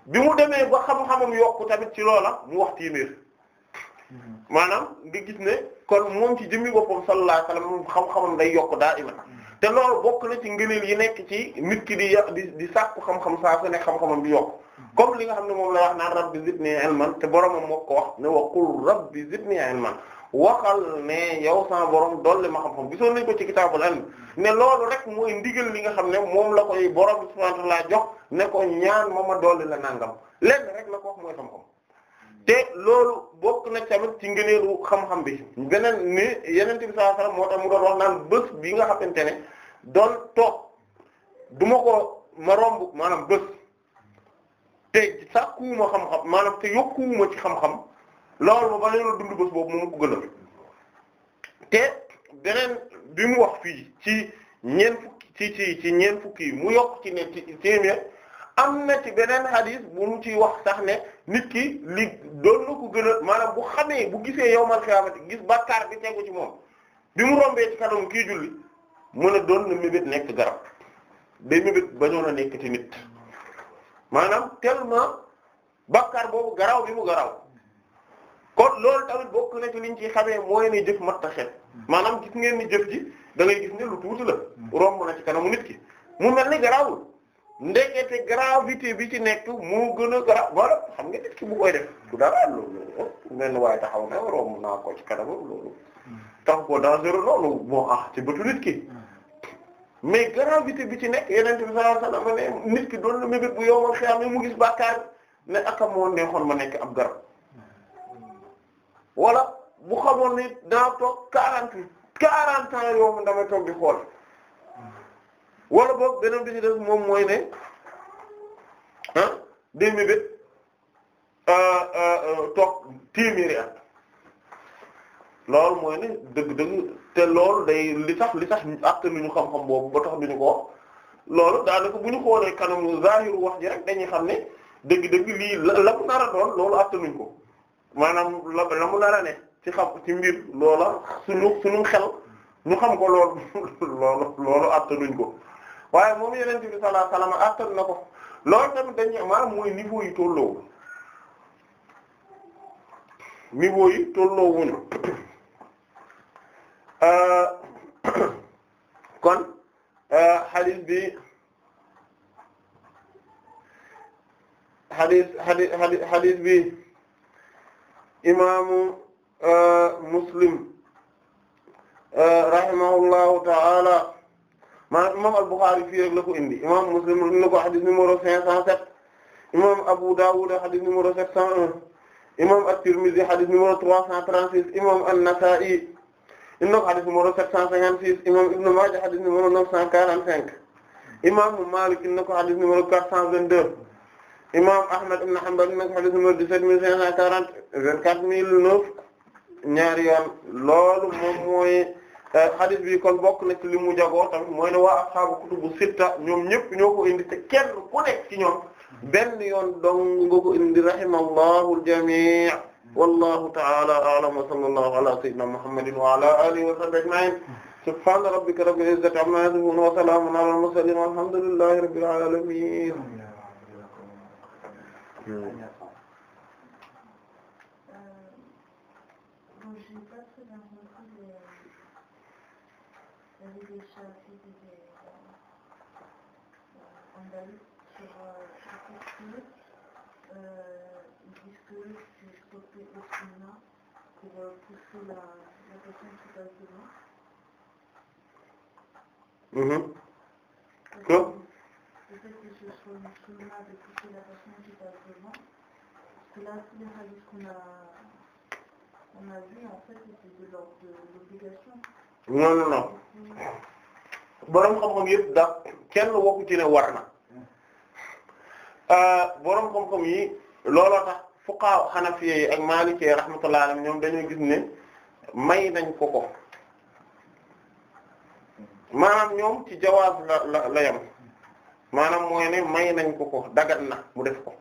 bi mu demee ba xam-xamam yokku tamit ci loola mu wax téeméer mm-hmm. maanaam nga gis ne kon moom ci jëmmi boppam sallallahu alayhi wasallam moom xam-xamam day yokk daa iman te loolu bokk na ci ngëneel yi nekk ci nit ki di di di sàkku xam-xam saa su xam-xamam di yokk comme li nga xam ne moom la wax naan rabbi zidni ilman te boromam moo ko wax ne wa qul rabbi zidni ilman waxal ne yow sa borom dolli ma xam-xam gisoon nañ ko ci kitaabul ilm ne loolu rek mooy ndigal li nga xam ne moom la koy borom subhaanahu laa jox ne ko ñaan ma ma dolli la nangam lenn rek la ko wax mooy xam-xam. te loolu bokk na tamit ci ngëneelu xam-xam bi beneen ni yeneen bi sallallahu alayhi moo tax mu doon wax naan bés bi nga xamante ne doon toog du ko ma maanaam bés te sàkkuwuma xam-xam maanaam te yokkuwuma ci xam-xam loolu ba leen dund bés boobu moom ko gënal te beneen bi mu wax fii ci ñeent fukki ci ci ci ñeent fukki mu yokk ci ne ci téeméer am na ci beneen hadis bu mu ciy wax sax ne nit ki li doon na ko gën maanaam bu xamee bu gisee yowmal xiyaamati gis bàkkaar bi tegu ci moom bi mu rombee ci kanam kii julli mu ne doon na mébét nekk garab day mébét bañoon a nekk ci nit maanaam tellement bàkkaar boobu garaw bi mu garaw kon loolu tamit bokk na ci liñ ciy xamee moo ne jëf mat taxet maanaam gis ngeen ni jëf ji da gis ne lu tuuti la romb na ci kanamu nit ki mu mel ni garawul ndekete gravité bi ci nekk mu gën a grave xam nga nit ki bu koy def du dara loolu mel ni waaye taxaw na romb naa ko ci kanamam loolu hmm. tax ko dangereux loolu moo ah ci bëtu nit ki hmm. mais gravité bi ci nekk yeneen bi sallallahu alayhi wasallam ne nit ki doon na mébét bu yow am xiyam mu gis bàkkaar ne aka moo neexoon ma nekk am garab hmm. wala bu xamoon ni daa toog quarante quarante ans yow mu toog di xool wala boobu beneen bi ci moom mooy ne ah di ah, ah, ah, toog téeméeri at loolu mooy ne dëgg-dëgg te loolu day li tax li tax àtt lu ñu xam-xam boobu ba tax du ñu ko loolu daanaka bu ñu xoolee kanamu zahiru wax ji rek dañuy xam ne dëgg-dëgg lii la mu nar a doon loolu attanuñ ko maanaam la la mu nar ne ci xam ci mbir loola suñu suñu xel ñu xam ko loolu loolu loolu attanuñ ko waaye moom yeneen bi sallallahu alayhi wasallam attan na ko loolu tamit dañuy maanaam mooy niveau yi tolloowu niveau yi tolloowuñu kon euh, hadith bi hadith hadith hadith bi imaamu euh, muslim euh, rahimahullahu ta'ala maanaam imam al-Bukhari fii rek la ko indi imam Muslim indi na ko hadith numéro 507 imam Abu Dawud hadith numéro 701 imam at-Tirmidhi hadith numéro 336 imam an-Nasa'i indi na ko hadith numéro 756 imam Ibn Majah hadith numéro 945 imam Malik indi na ko hadith numéro 422 imam Ahmad ibn Hanbal indi na ko hadith numéro 17540 24009 ñaari yoon loolu moom mooy Euh, hadith bi kon bokk na ci li mu jagoo tamit mooy ne waa ashaabu kutubu sitta ñoom ñëpp ñoo ko indi te kenn ku nekk ci ñoom benn yoon dong nga ko indi rahimallahu al-jamii' wallahu ta'ala a'lam wa sallallahu ala sayyidina muhammadin wa ala alihi wa sahbihi ajma'in subhana rabbika rabbil izzati amma yasifun wa salamun ala al-mursalin walhamdulillahi rabbil alamin Andalus sur la ils disent que c'est stopper le cinéma pour pousser la, la personne qui passe devant. Quoi Le fait que ce soit le cinéma de pousser la personne qui passe devant, parce que là, tous les hadiths qu'on a, on a vus, en fait, c'était de l'ordre de l'obligation. non non boroom xam-xam yëpp da kenn waxu ci ne war na euh, boroom xam-xam yi looloo tax fuqaha xanafiye yi ak maliki rahmatullahi alayhim ñoom dañu gis ne may nañ ko ko maanaam ñoom ci jawaaz la la yam maanaam mooy ne may nañ ko ko dagat na mu def ko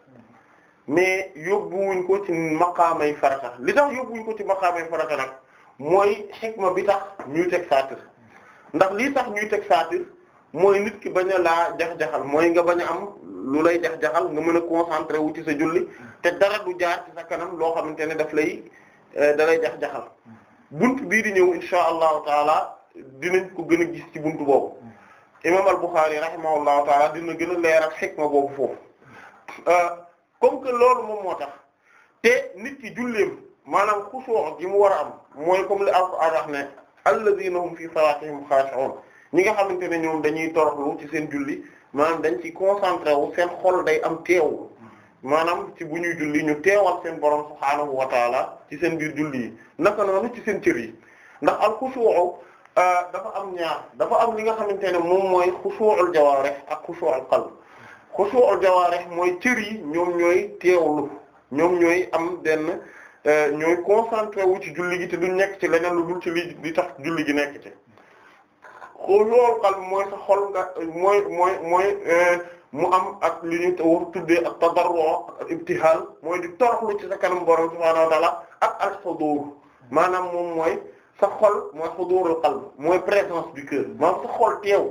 mais wuñ ko ci maqaamay farata li tax yóbbuwuñ ko ci maqaamay farata nag mooy xikma bi tax ñuy teg saatir ndax lii tax ñuy teg saatir mooy nit ki bañ a laa jax-jaxal mooy nga bañ a am lu lay jax-jaxal nga mën a concentré wu ci sa julli te dara du jaar ci sa kanam loo xam ne daf lay euh, da lay jax-jaxal bunt bii di ñëw insha allahu taala dinañ ko gën a gis ci buntu boobu imam al-Bukhari rahimahullahu taala dina gën a leeral xikma boobu foofu euh, comme que loolu moom moo tax te nit ki julleem maanaam xusuu gi mu war a am mooy comme li Alxuraan wax ne alladhiina hum fii salaatihim xaashi'uun ñi nga xamante ne ñoom dañuy toroxlu ci seen julli maanaam dañ ci concentré wu seen xol day am teewu maanaam ci bu ñuy julli ñu teewal seen borom subhaanahu wa taala ci seen biir julli yi naka noonu ci seen cër yi ndax al xusuu euh, dafa am ñaar dafa am li nga xamante ne moom mooy xusuu'ul jawaarih ak xusuu'ul qalb xusuu'ul jawaarih mooy cër yi ñoom ñooy teewlu ñoom ñooy am benn. Euh, ñooy concentré wu ci julli gi te duñ nekk ci leneen lu dul ci li li tax julli gi nekk ci xulóol xal mooy sa xol mooy mooy euh, mu am ak li ñu war tuddee ak tadarru ak ibtihaal mooy di toroxlu ci sa kanam borom subhaanahu wa dala ak al-huduur maanaam moom mooy sa xol mooy huduurul qalb mooy présence du cœur maanaam sa xol teew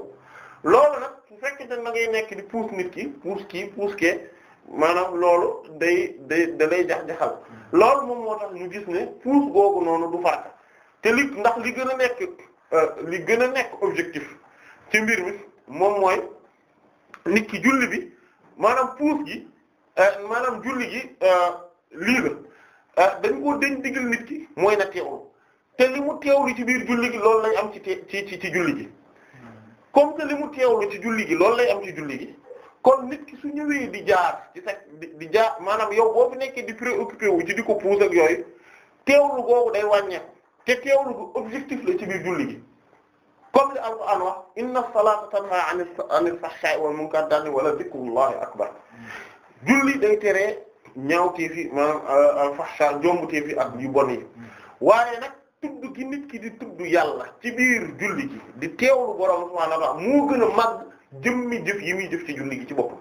loolu nag su fekkee da nekk di puus nit ki puus kii puus kee. maanaam loolu day day dalay jax-jaxal loolu moom moo tax ñu gis ne puus googu noonu du farata te li ndax li gën a nekk euh, li gën a nekk objectif ci mbir mi moom mooy nit ki julli bi maanaam puus gi euh, maanaam julli gi euh, lii la dañ koo dañ digal nit ki mooy na teewlu te li mu teewlu ci biir julli gi loolu lay am ci ci ci ci julli gi comme que li mu teewlu ci julli gi loolu lay am ci julli gi kon nit ki su ñëwee di jaar ci sa di jaar maanaam yow boo fi nekkee di préoccupé wu ci di ko puus ak yooyu teewlu googu day wàññeeku te teewlu gu objectif la ci biir julli gi comme li Alxuraan wax inna salaata tanha anil fahshaa'i wal munkar daani wala zikrullahi akbar julli day tere ñaaw tee fi maanaam euh, al fahsha njomb tee fi ak yu bon yi waaye nag tudd gi nit ki di tudd yàlla ci biir julli gi di teewlu borom subhaanahu wa ta'aala moo gën a màgg jëmmi jëf yi muy jëf ci julli gi ci boppam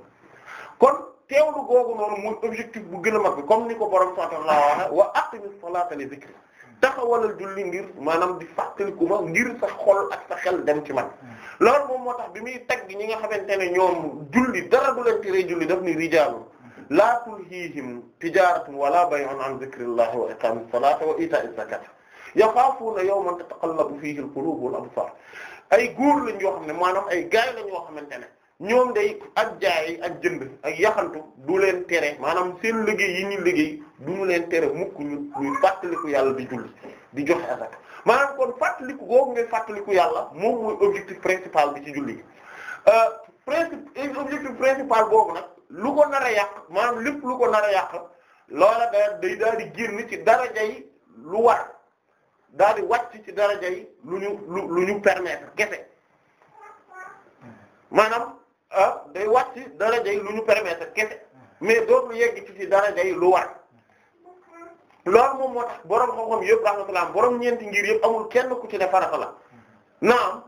kon teewlu googu noonu mooy objectif bu gën a mag bi comme ni ko borom subhaanahu wa ta'aala wa aqimis salaata li dhikri taxawalal julli ngir maanaam di fàttaliku ma ngir sa xol ak sa xel dem ci man loolu moom moo tax bi muy tagg ñi nga xamante ne ñoom julli dara du leen tere julli daf ni rijaalun laa tulhiihim tijaaratun wala bay'un an dhikrillahi wa iqaamis salaati wa iitaa'iz zakaati yaxaafuuna yawman tataqallabu fiihi al-quluubu wal absaar ay góor lañ yoo xam ne maanaam ay gaay lañ yoo xamante ne ñoom day ak jaay ak jënd ak yaxantu du leen tere maanaam seen liggéey yi ñu liggéey du ñu leen tere mukk ñu ñuy fàttaliku yàlla di julli di joxe azak maanaam kon fàttaliku googu ngay fàttaliku yàlla moom mooy objectif principal bi ci julli gi euh, principe objectif principal boobu nag lu ko nar a yàq maanaam lépp lu ko nar yàq loola da day daal di génn ci darajay lu war daal di wàcc ci daraja yi lu ñu lu lu ñu permettre kese maanaam ah, day wat ci daraja yi lu ñu permettre kese mais dootul yegg ci ci daraja yi lu war loolu moom moo tax borom xam-xam yëpp rahmatullah boroom ñeenti ngir yëpp amul kenn ku ci ne farata la naam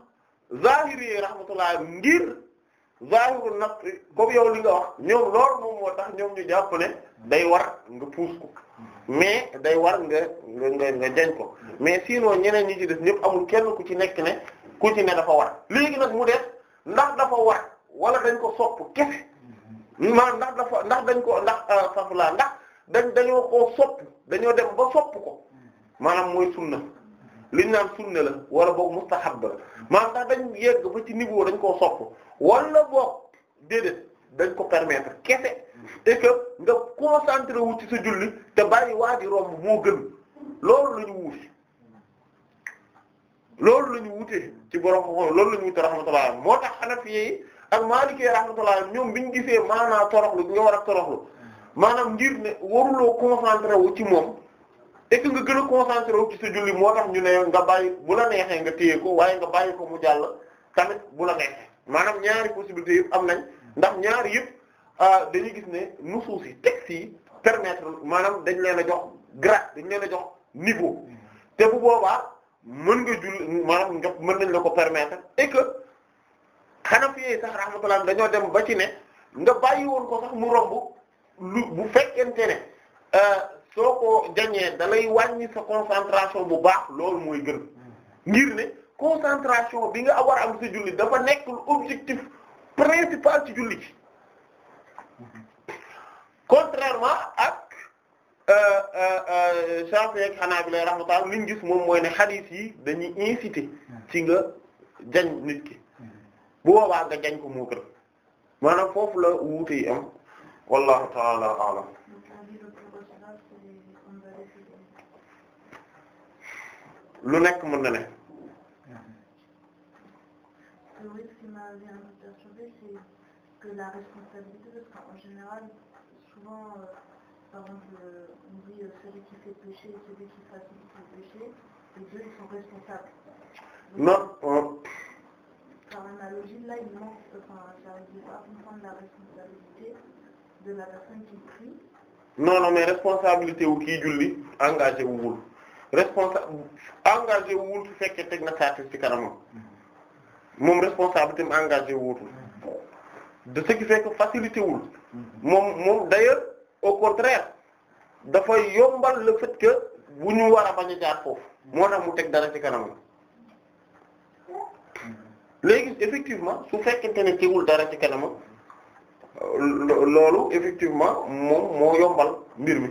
zahiri yi rahmatullah ngir zahiru nag comme yow li nga wax ñoom lool moom moo tax ñoom ñu jàpp ne day war nga puus ko. mais day war nga nga nga jañ ko mais sinon ñeneen ñi ci des ñëpp amul kenn ku ci nekk ne ku ci ne dafa war léegi nag mu def ndax dafa war wala dañ ko sopp kese maanaam ndax dafa ndax dañ ko ndax euh, safla ndax dañ dañoo koo sopp dañoo dem ba sopp ko maanaam mooy sunna liñ naan sunna la wala boog mustahab la maanaam ndax dañ yegg ba ci niveau dañ koo sopp wala boog déedéet dañ ko permettre kese et que nga concentré wu ci sa julli te bàyyi waa ji romb moo gën loolu la ñu wuute loolu la ñu wutee ci borom moom loolu la ñu wute rahmatullah moo tax Hanafi yi ak Maliki rahmatullah ñoom bi ñu gisee maanaam toroxlu bi nga war a toroxlu maanaam ngir ne waruloo concentré wu ci moom et nga gën a wu ci sa julli moo tax ñu ne nga bàyyi bu la neexee nga téye ko waaye nga bàyyi ko mu jàll tamit bu la neexee maanaam ñaari possibilités am nañ. ndax ñaar yëpp ah, dañuy gis ne nu yi textes yi permettre maanaam dañ leen a jox grade dañ leen a jox niveau te bu boobaa mën nga jull maanaam nga mën nañ la ko permettre et que Hanafi yi sax rahmatullah dañoo dem ba ci ne nga bàyyi woon ko sax mu romb lu bu fekkente ne ah, soo ko jañee da lay wàññi sa concentration bu baax loolu mooy gën ngir ne concentration bi nga war a am sa julli dafa nekk lu objectif principal ci julli contrairement ak euh, euh, euh, Shafi'i ak Hanabila rahmatullah mooy ne hadith yi dañuy inciter ki bu boobaa ko moo lu nekk mën na que la responsabilité, parce qu'en général, souvent, euh, par exemple, euh, on dit euh, qui facilite le de la personne non non mais responsabilité wu kii julli engagé wu wul responsa engagé wu wul su fekkee teg na saako ci mm-hmm. responsabilité am engagé wu de ce qui fait wul moom moom d'ailleurs au contraire dafa yombal le fait bu ñu war a bañ a foofu moo tax mu teg dara ci kanam léegi effectivement su fekkente ne tegul dara ci kanam loolu effectivement moom moo yombal mbir mi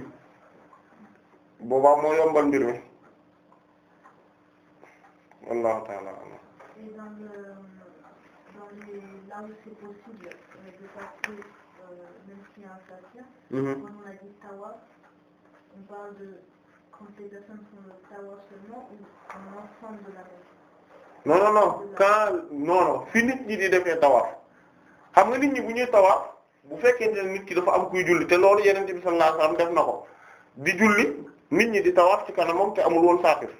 boobaa moo yombal mbir mi wallahu ta'ala là où c'est possible euh, de passer euh, mhm. non non non non fi nit ñi di defee tawaaf xam nga nit ñi bu ñuy tawaaf bu fekkee ne nit ki dafa am kuy julli te loolu Yonent bi sallallahu alayhi wasallam def na ko di julli nit ñi di tawaaf ci kanam kanamam te amul woon saafir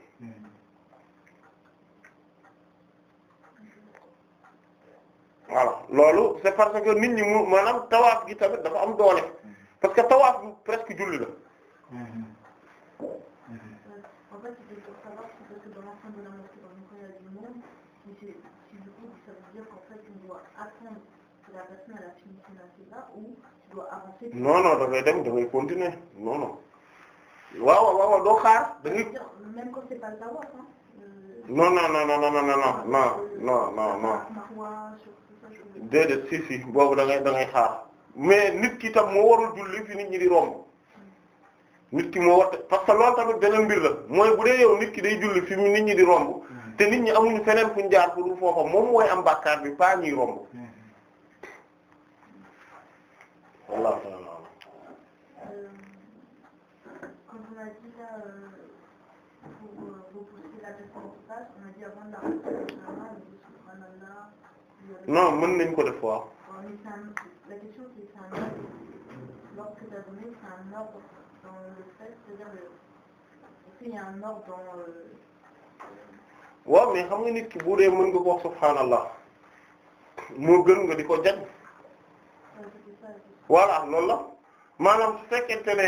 voilà loolu c'est parce que nit ñi mu maanaam tawaaf gi tamit dafa am doole parce que tawaaf bi presque julli la. non non dafay dem dafay continuer non non waaw waaw doo xaar da ngay. même quand c'est pas tawaaf non non non non non non non non non non non. déedéet si si boobu da ngay da ngay xaar mais nit ki tam moo warul julli fi nit ñi di romb nit ki moo war parce que loolu tamit beneen mbir la mooy bu dee nit ki day julli fi nit ñi di romb hmm. te nit ñi amuñu feneen fuñ jaar pour foofa moom mooy am bàkkaar bi pas ñuy romb. Hmm. non mën nañ ko def waaw. waaw mais xam nga nit ki bu dee mën nga ko wax subhaanallah moo gën nga di ko jag voilà loolu la maanaam su fekkente ne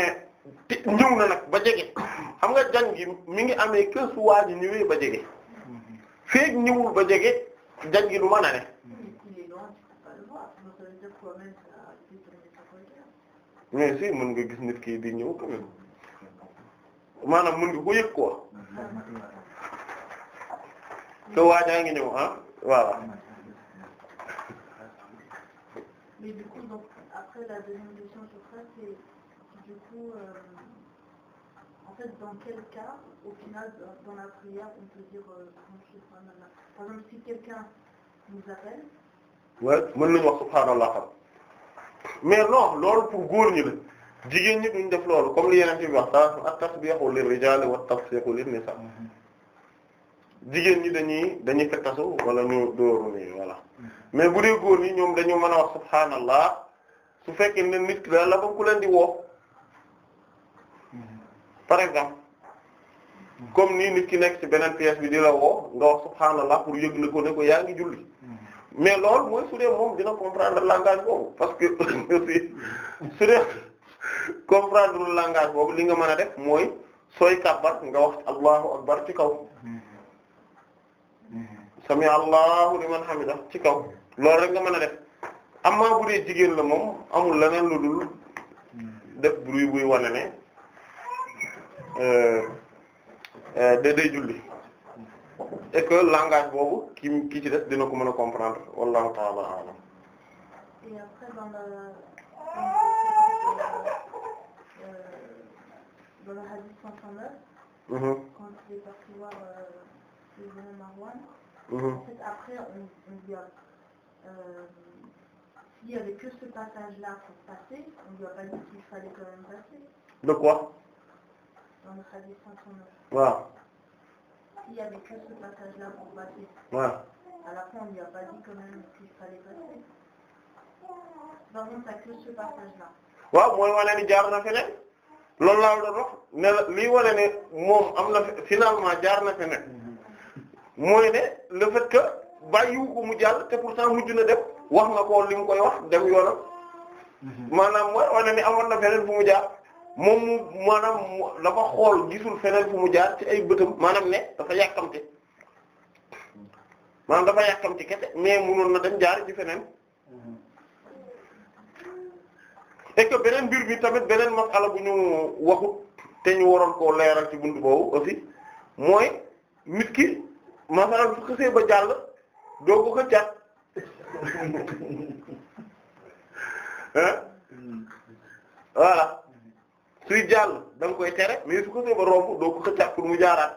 ñëw na nag ba jege xam nga jàng gi mi ngi amee que su waa ba jege mm-hmm. feek ñëwul ba jege jàng gi du mën a ne nga gis nit ki di ñëw quand même maanaam mën nga ko yëg quoi te waajaa ngi ñëw ah voilà en fait, dans quel la euh, mën nañu wax xam mais non loolu pour góor ñi la jigéen ñi duñ def loolu comme li yeneen fi wax saa at-tasbihu lir-rijali wat-tasbihu lin-nisa jigéen ñi dañuy dañuy fekkasu wala ñu dóoru nii voilà mais bu dee góor ñi ñoom dañu mën a wax subhanallah su fekkee ne nit ki daal la ko ku leen di woo. par exemple comme nii nit ki nekk ci beneen pièce bi di la woo nga wax subhaanallah pour yëgle ko ne ko yaa ngi julli mais loolu mooy su dee moom dina comprendre langage boobu parce que su dee comprendre langage boobu li nga mën a def mooy sooy kàbbar nga wax allahu akbar ci kaw sami allahu liman hamida ci kaw loolu rek nga mën a def amaa bu dee jigéen la moom amul leneen lu dul def bruit buy wane ne Euh, euh, da day julli et que langage boobu ki ki ci des dina ko mën a comprendre wallahu ta'ala a'lam. Et après dans le dans le hadith 139. Mm-hmm. Quand il est parti voir euh, le jeune Marwan. Mm-hmm. En fait après on on dit euh s'il y avait que ce passage-là pour passer, on ne waaw. il y avait que mooy wane jaar na feneen loolu laa doon wax ne la liy moom am na finalement jaar na feneen hmm. mooy ne le fait que bàyyiwu ko mu jàll te pourtant mujj na def wax na ko li mu koy wax dem yoonam hmm. maanaam mooy wane ni amoon na feneen fu jaar. moom mu maanaam dafa xool gisul feneen fu mu jaar ci ay bëtam maanaam ne dafa yàkkamti maanaam dafa yàkkamti kese mais munoon na dem jaar ci feneen et beneen mbir bi tamit beneen masala bu ñu waxut te ñu waroon koo leeral ci buntu boobu aussi mooy nit ki masalan su xasee ba jàll doo ko xëccaat hmm. voilà suy jàll da nga koy tere mais su ko ba romb doo ko xëccaat pour mu jaaraat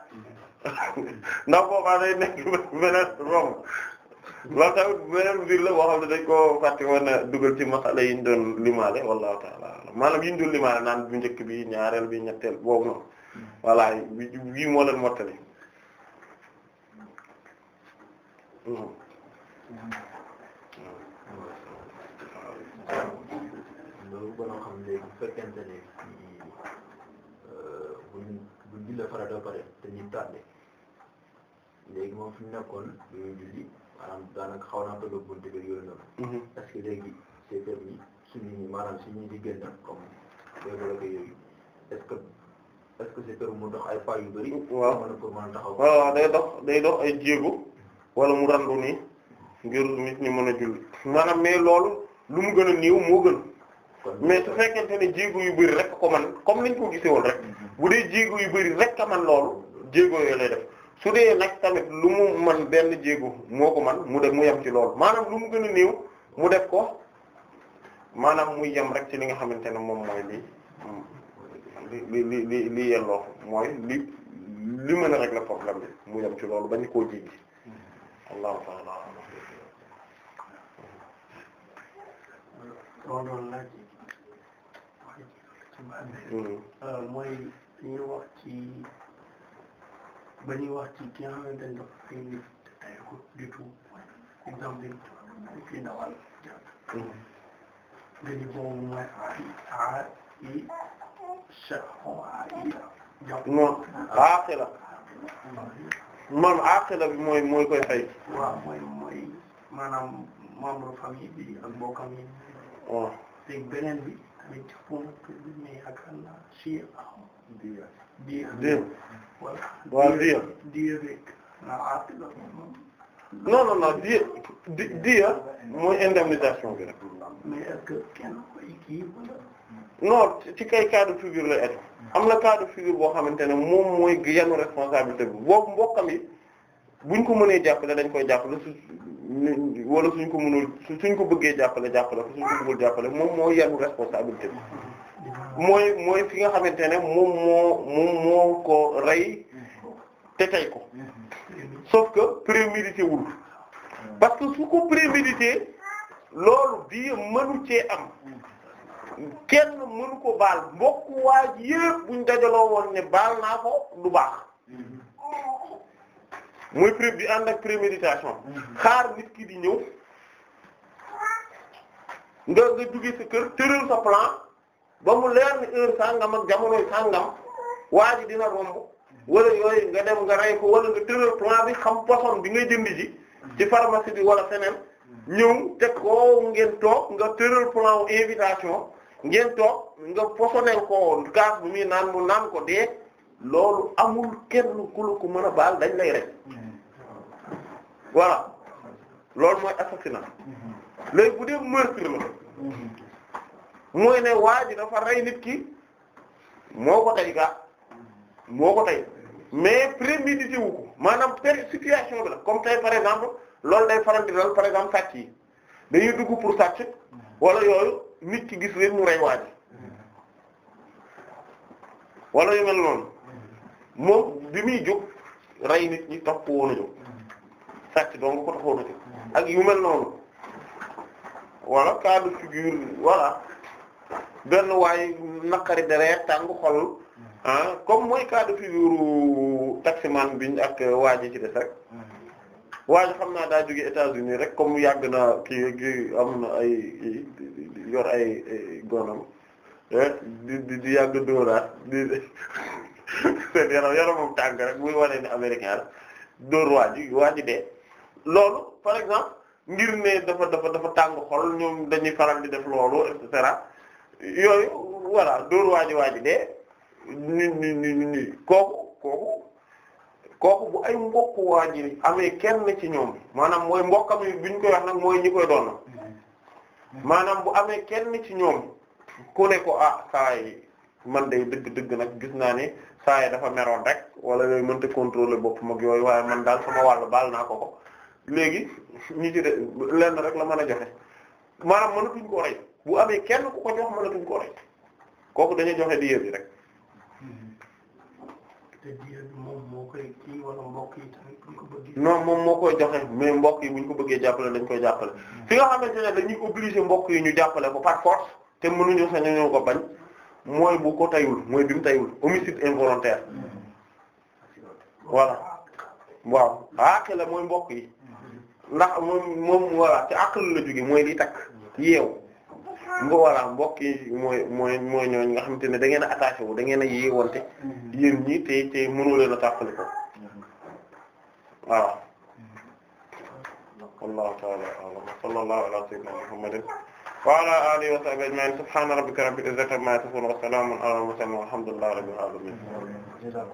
ndax boobaa day nekk beneen romb loolu tamit beneen mbir la boo xam ne dañ fàtte woon a dugal ci masala yi ñu doon limaale wallahu taala maanaam yi ñu doon limaale naan bu njëkk bi ñaareel bi ñetteel boobu noonu voilà bi bii moo leen mottali jullee farata ba pare te ñu tardé léegi moom fi mu nekkoon daanaka xaw naa bëgg a buntu bi yooyu noonu. Mhm. parce que léegi c'est permis suñu ñi maanaam suñu mu dox ay pas yu bari. waaw mën a taxaw. waaw day dox day dox ay jéego wala mu randu nii ngir nit ñi mën a julli maanaam mais loolu lu mu gën a néew moo gën. mais su fekkente ne jéego yu bari rek ko man comme niñ ko gisee woon rek. Mhm. bu dee jéego yu bari rek a man loolu jéego yooyu lay def su dee nag tamit lu mu man benn jéego moo ko man mu def mu ci loolu maanaam lu mu gën a néew mu def ko maanaam muy yem rek ci li nga xamante ne moom mooy lii li li li yelloo mooy li li mën a régler problème bi mu yem ci loolu bañ koo jéggi allahu taala loolu mm-hmm. euh, mooy fi ñu wax ci ba ñuy wax ci ki nga xamante ne dafa fay nit ay ko du tout exemple bi fi dawal gani boobu mooy a i chaq moom aqila moom aqila bi mooy mooy koy fay waaw mooy mooy maanaam membre famille bi ak bokkam yi waaw beneen bi tamit ci foofu mais yaakaar naa diir waaw diir diir non non non diir diir mooy indemnisation bi rek mais kii non ci kay cas de figure la am na cas de boo xamante ne moom mooy yanu responsabilité bi boobu mbokkam yi buñ ko mënee jàppale dañ koy jàppale su wala suñ ko mënul suñ ko bëggee jàppale jàppale ko jàppale moom mooy yanu responsabilité bi mooy mooy ki nga xamante ne moom moo moom moo ko rey te tey ko sauf que prémédité wul parce que su ko prémédité loolu bii mënu cee am kenn mënu ko baal mbokk waa ji buñ dajaloo woon ne baal naa ko du baax muy pré bi ànd ak préméditation xaar nit ki di ñëw nga nga jóge sa kër tëral sa plan ba mu leer ni heure sàngam ak jamonoy sàngam waa ji dina romb wala yooyu nga dem nga rey ko wala nga tëral plan bi xam poson di ngay jënd ji ci pharmacie bi wala feneen ñëw teg ko ngeen toog nga tëral plan invitation ngeen toog nga posonel ko gaz bu muy naan mu naan ko dee loolu amul kenn ku la ko mën a baal dañ lay rek voilà loolu mooy assassinat mm-hmm. léegi bu dee meurtre la mm-hmm. mooy ne waa ji dafa rey nit ki moo ko tey ga moo ko tey mais prémédité wu ko maanaam per situation bi la comme tey par exemple loolu day faral di dal par exemple sàcc yi dañuy dugg pour sàcc wala yooyu nit ki gis leen mu rey waa wala yu mel noonu moom bi muy jóg rey nit ñi tax ko woon a jóg sàcc dong ko taxoon a jóg ak yu mel noonu wala cas de figure benn waay naqari deret tàng xol mm. ah comme mooy cas de figure taximan biñ ak waa ji ci des rek mm. waa xam naa daa jóge États-Unis rek comme yàgg na kii kii am na ay yor ay gonam eh, di di yàgg dóoraat di seen yaram yaramam tàng rek muy wane ne américain dóor waa ji waa ji loolu par exemple ngir ne dafa dafa dafa tàng xol ñoom dañuy faral di def loolu et yooyu voilà dóor waaji waaji de ni ni ni ni kooku kooku kooku bu ay mbokk waaji amee kenn ci ñoom maanaam mooy mbokkam am bi ñu koy wax nag mooy ñu koy doon maanaam bu amee kenn ci ñoom ku ne ko ah saa yi man de dëgg dëgg nag gis naa ne saa yi dafa meroon rek wala yooyu mënta contrôler bopp mag yooyu waaye man daal sama wàll baal naa ko ko léegi ñi ci de lenn rek la mën a joxe maanaam mënatuñ ko rey bu amee kenn ku ko jox mënatuñ koo rek kooku dañuy joxe di bi hmm. te diya bi moom moo kii wala mbokk yi tamit buñ moom moo koy joxe mais mbokk yi mu buñ ko bëggee jàppale dañ koy jàppale. Hmm. fi nga xamante ne dañuy obligé mbokk yi ñu jàppale ko par te mënuñu sañ ko bañ mooy bu ko tayul mooy bi mu tayul homicide involontaire. Hmm. voilà waaw àq la mooy mbokk yi. ndax moom moom voilà ci àq la jóge mooy liy takk yeew. nga voilà mbokk yi mooy mooy mooy ñooñu nga xamante ne da ngeen a attaché wu da ngeen a yeewante yéen ñi te te mënoo leen a tàqali ko waaw wallahu ta'ala a'lam wa sallallahu ala sayyidina muhammadin wa ala alihi wa sahbihi ajma'in subhana rabbika rabbil izzati amma yasifun wa